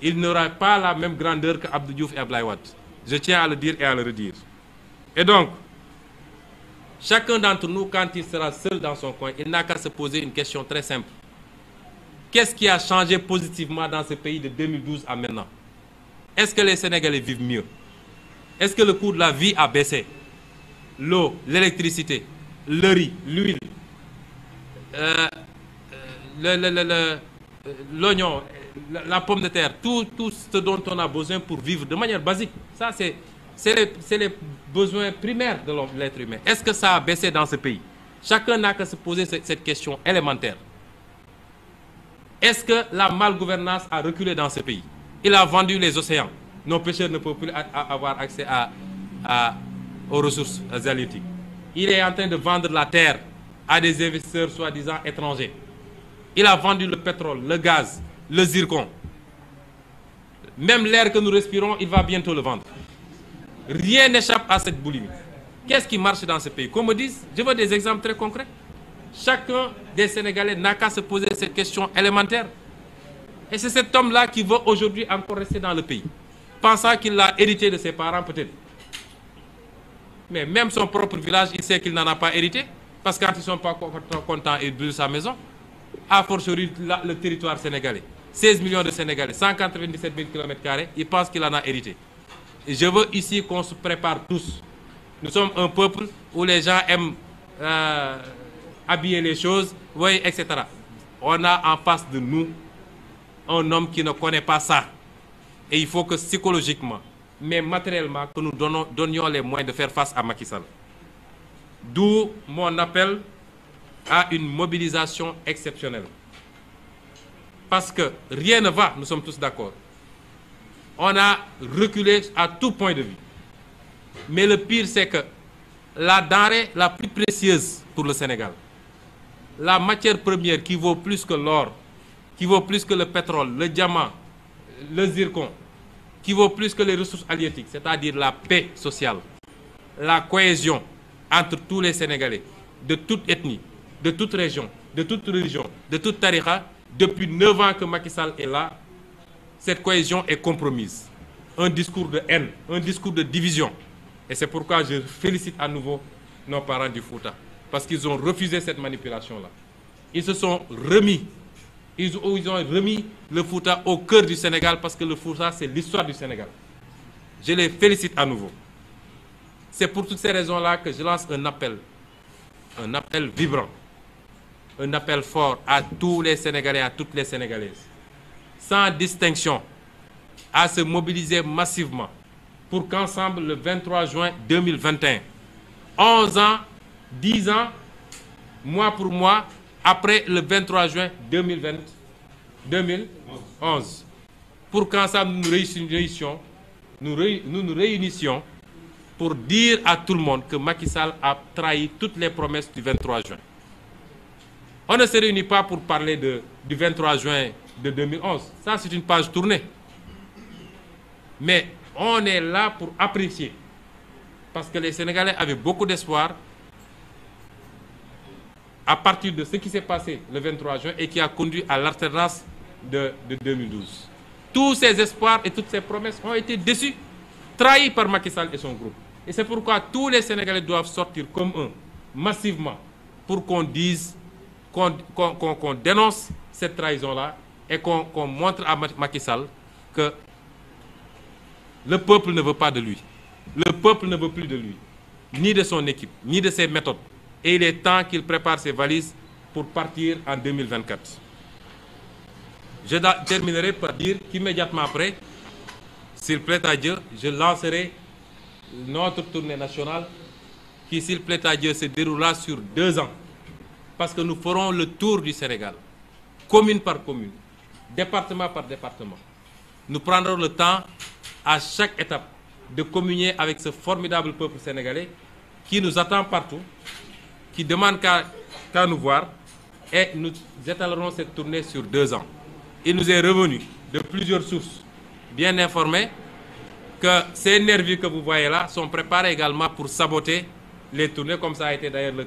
il n'aura pas la même grandeur que Abdou Diouf et Abdoulaye Wade je tiens à le dire et à le redire et donc chacun d'entre nous quand il sera seul dans son coin il n'a qu'à se poser une question très simple qu'est-ce qui a changé positivement dans ce pays de 2012 à maintenant est-ce que les Est-ce que le coût de la vie a baissé? L'eau, l'électricité, le riz, l'huile, euh, euh le le le le euh, l'oignon, la, la pomme de terre, tout ce dont on a besoin pour vivre de manière basique. Ça, c'est c'est les c'est les besoins primaires de l'être humain. Est-ce que ça a baissé dans ce pays? Chacun n'a qu'à se poser cette, cette question élémentaire. Est-ce que la malgouvernance a reculé dans ce pays? Il a vendu les océans. nos pêcheurs ne peuvent plus avoir accès à, à, aux ressources halieutiques. Il est en train de vendre la terre à des investisseurs soi-disant étrangers. Il a vendu le pétrole, le gaz, le zircon. Même l'air que nous respirons, il va bientôt le vendre. Rien n'échappe à cette boulimie. Qu'est-ce qui marche dans ce pays? Qu'on me dise, je veux des exemples très concrets. Chacun des Sénégalais n'a qu'à se poser cette question élémentaire. Et c'est cet homme-là qui veut aujourd'hui encore rester dans le pays. pensant qu'il l'a hérité de ses parents peut-être mais même son propre village il sait qu'il n'en a pas hérité parce que quand ils sont pas contents ils brûlent sa maison a le territoire sénégalais 16 millions de Sénégalais 197 000 kilomètres carrés ils pensent qu'il en a hérité et je veux ici qu'on se prépare tous nous sommes un peuple où les gens aiment euh, habiller les choses voyez etc on a en face de nous un homme qui ne connaît pas ça et il faut que psychologiquement mais matériellement que nous donnons, donnions les moyens de faire face à Macky Sall d'où mon appel à une mobilisation exceptionnelle parce que rien ne va nous sommes tous d'accord on a reculé à tout point de vue mais le pire c'est que la denrée la plus précieuse pour le Sénégal la matière première qui vaut plus que l'or qui vaut plus que le pétrole le diamant le zircon qui vaut plus que les ressources halieutiques, c'est-à-dire la paix sociale, la cohésion entre tous les Sénégalais, de toute ethnie, de toute région, de toute religion, de toute tariqa, depuis neuf ans que Macky Sall est là, cette cohésion est compromise. Un discours de haine, un discours de division. Et c'est pourquoi je félicite à nouveau nos parents du Fouta, parce qu'ils ont refusé cette manipulation-là. Ils se sont remis ils ont ils ont remis le Fouta au cœur du Sénégal parce que le Fouta c'est l'histoire du Sénégal je les félicite à nouveau c'est pour toutes ces raisons-là que je lance un appel un appel vibrant un appel fort à tous les Sénégalais à toutes les Sénégalaises sans distinction à se mobiliser massivement pour qu'ensemble le 23 juin 2021 11 ans 10 ans mois pour mois après le 23 juin 2020 2011 pour qu'ensemble nous réunissions nous ré, nous réunissions pour dire à tout le monde que Macky Sall a trahi toutes les promesses du 23 juin. On ne se réunit pas pour parler de du 23 juin de 2011. Ça, c'est une page tournée. Mais on est là pour apprécier parce que les Sénégalais avaient beaucoup d'espoir à partir de ce qui s'est passé le 23 juin et qui a conduit à l'alternance de, de 2012. Tous ces espoirs et toutes ces promesses ont été déçus, trahis par Macky Sall et son groupe. Et c'est pourquoi tous les Sénégalais doivent sortir comme un, massivement, pour qu'on dise, qu'on qu'on qu'on qu'on dénonce cette trahison-là et qu'on qu'on montre à Macky Sall que le peuple ne veut lui. Le peuple ne veut plus de lui, ni de son équipe, ni de ses méthodes. et il est temps qu'il prépare ses valises pour partir en 2024. Je terminerai par dire qu'immédiatement après, s'il plaît à Dieu, je lancerai notre tournée nationale qui, s'il plaît à Dieu, se déroulera sur deux ans. Parce que nous ferons le tour du Sénégal, commune par commune, département par département. Nous prendrons le temps, à chaque étape, de communier avec ce formidable peuple sénégalais qui nous attend partout, qui demandent qu'à qu nous voir et nous étalerons cette tournée sur deux ans. Il nous est revenu de plusieurs sources bien informées que ces nervis que vous voyez là sont préparés également pour saboter les tournées, comme ça a été d'ailleurs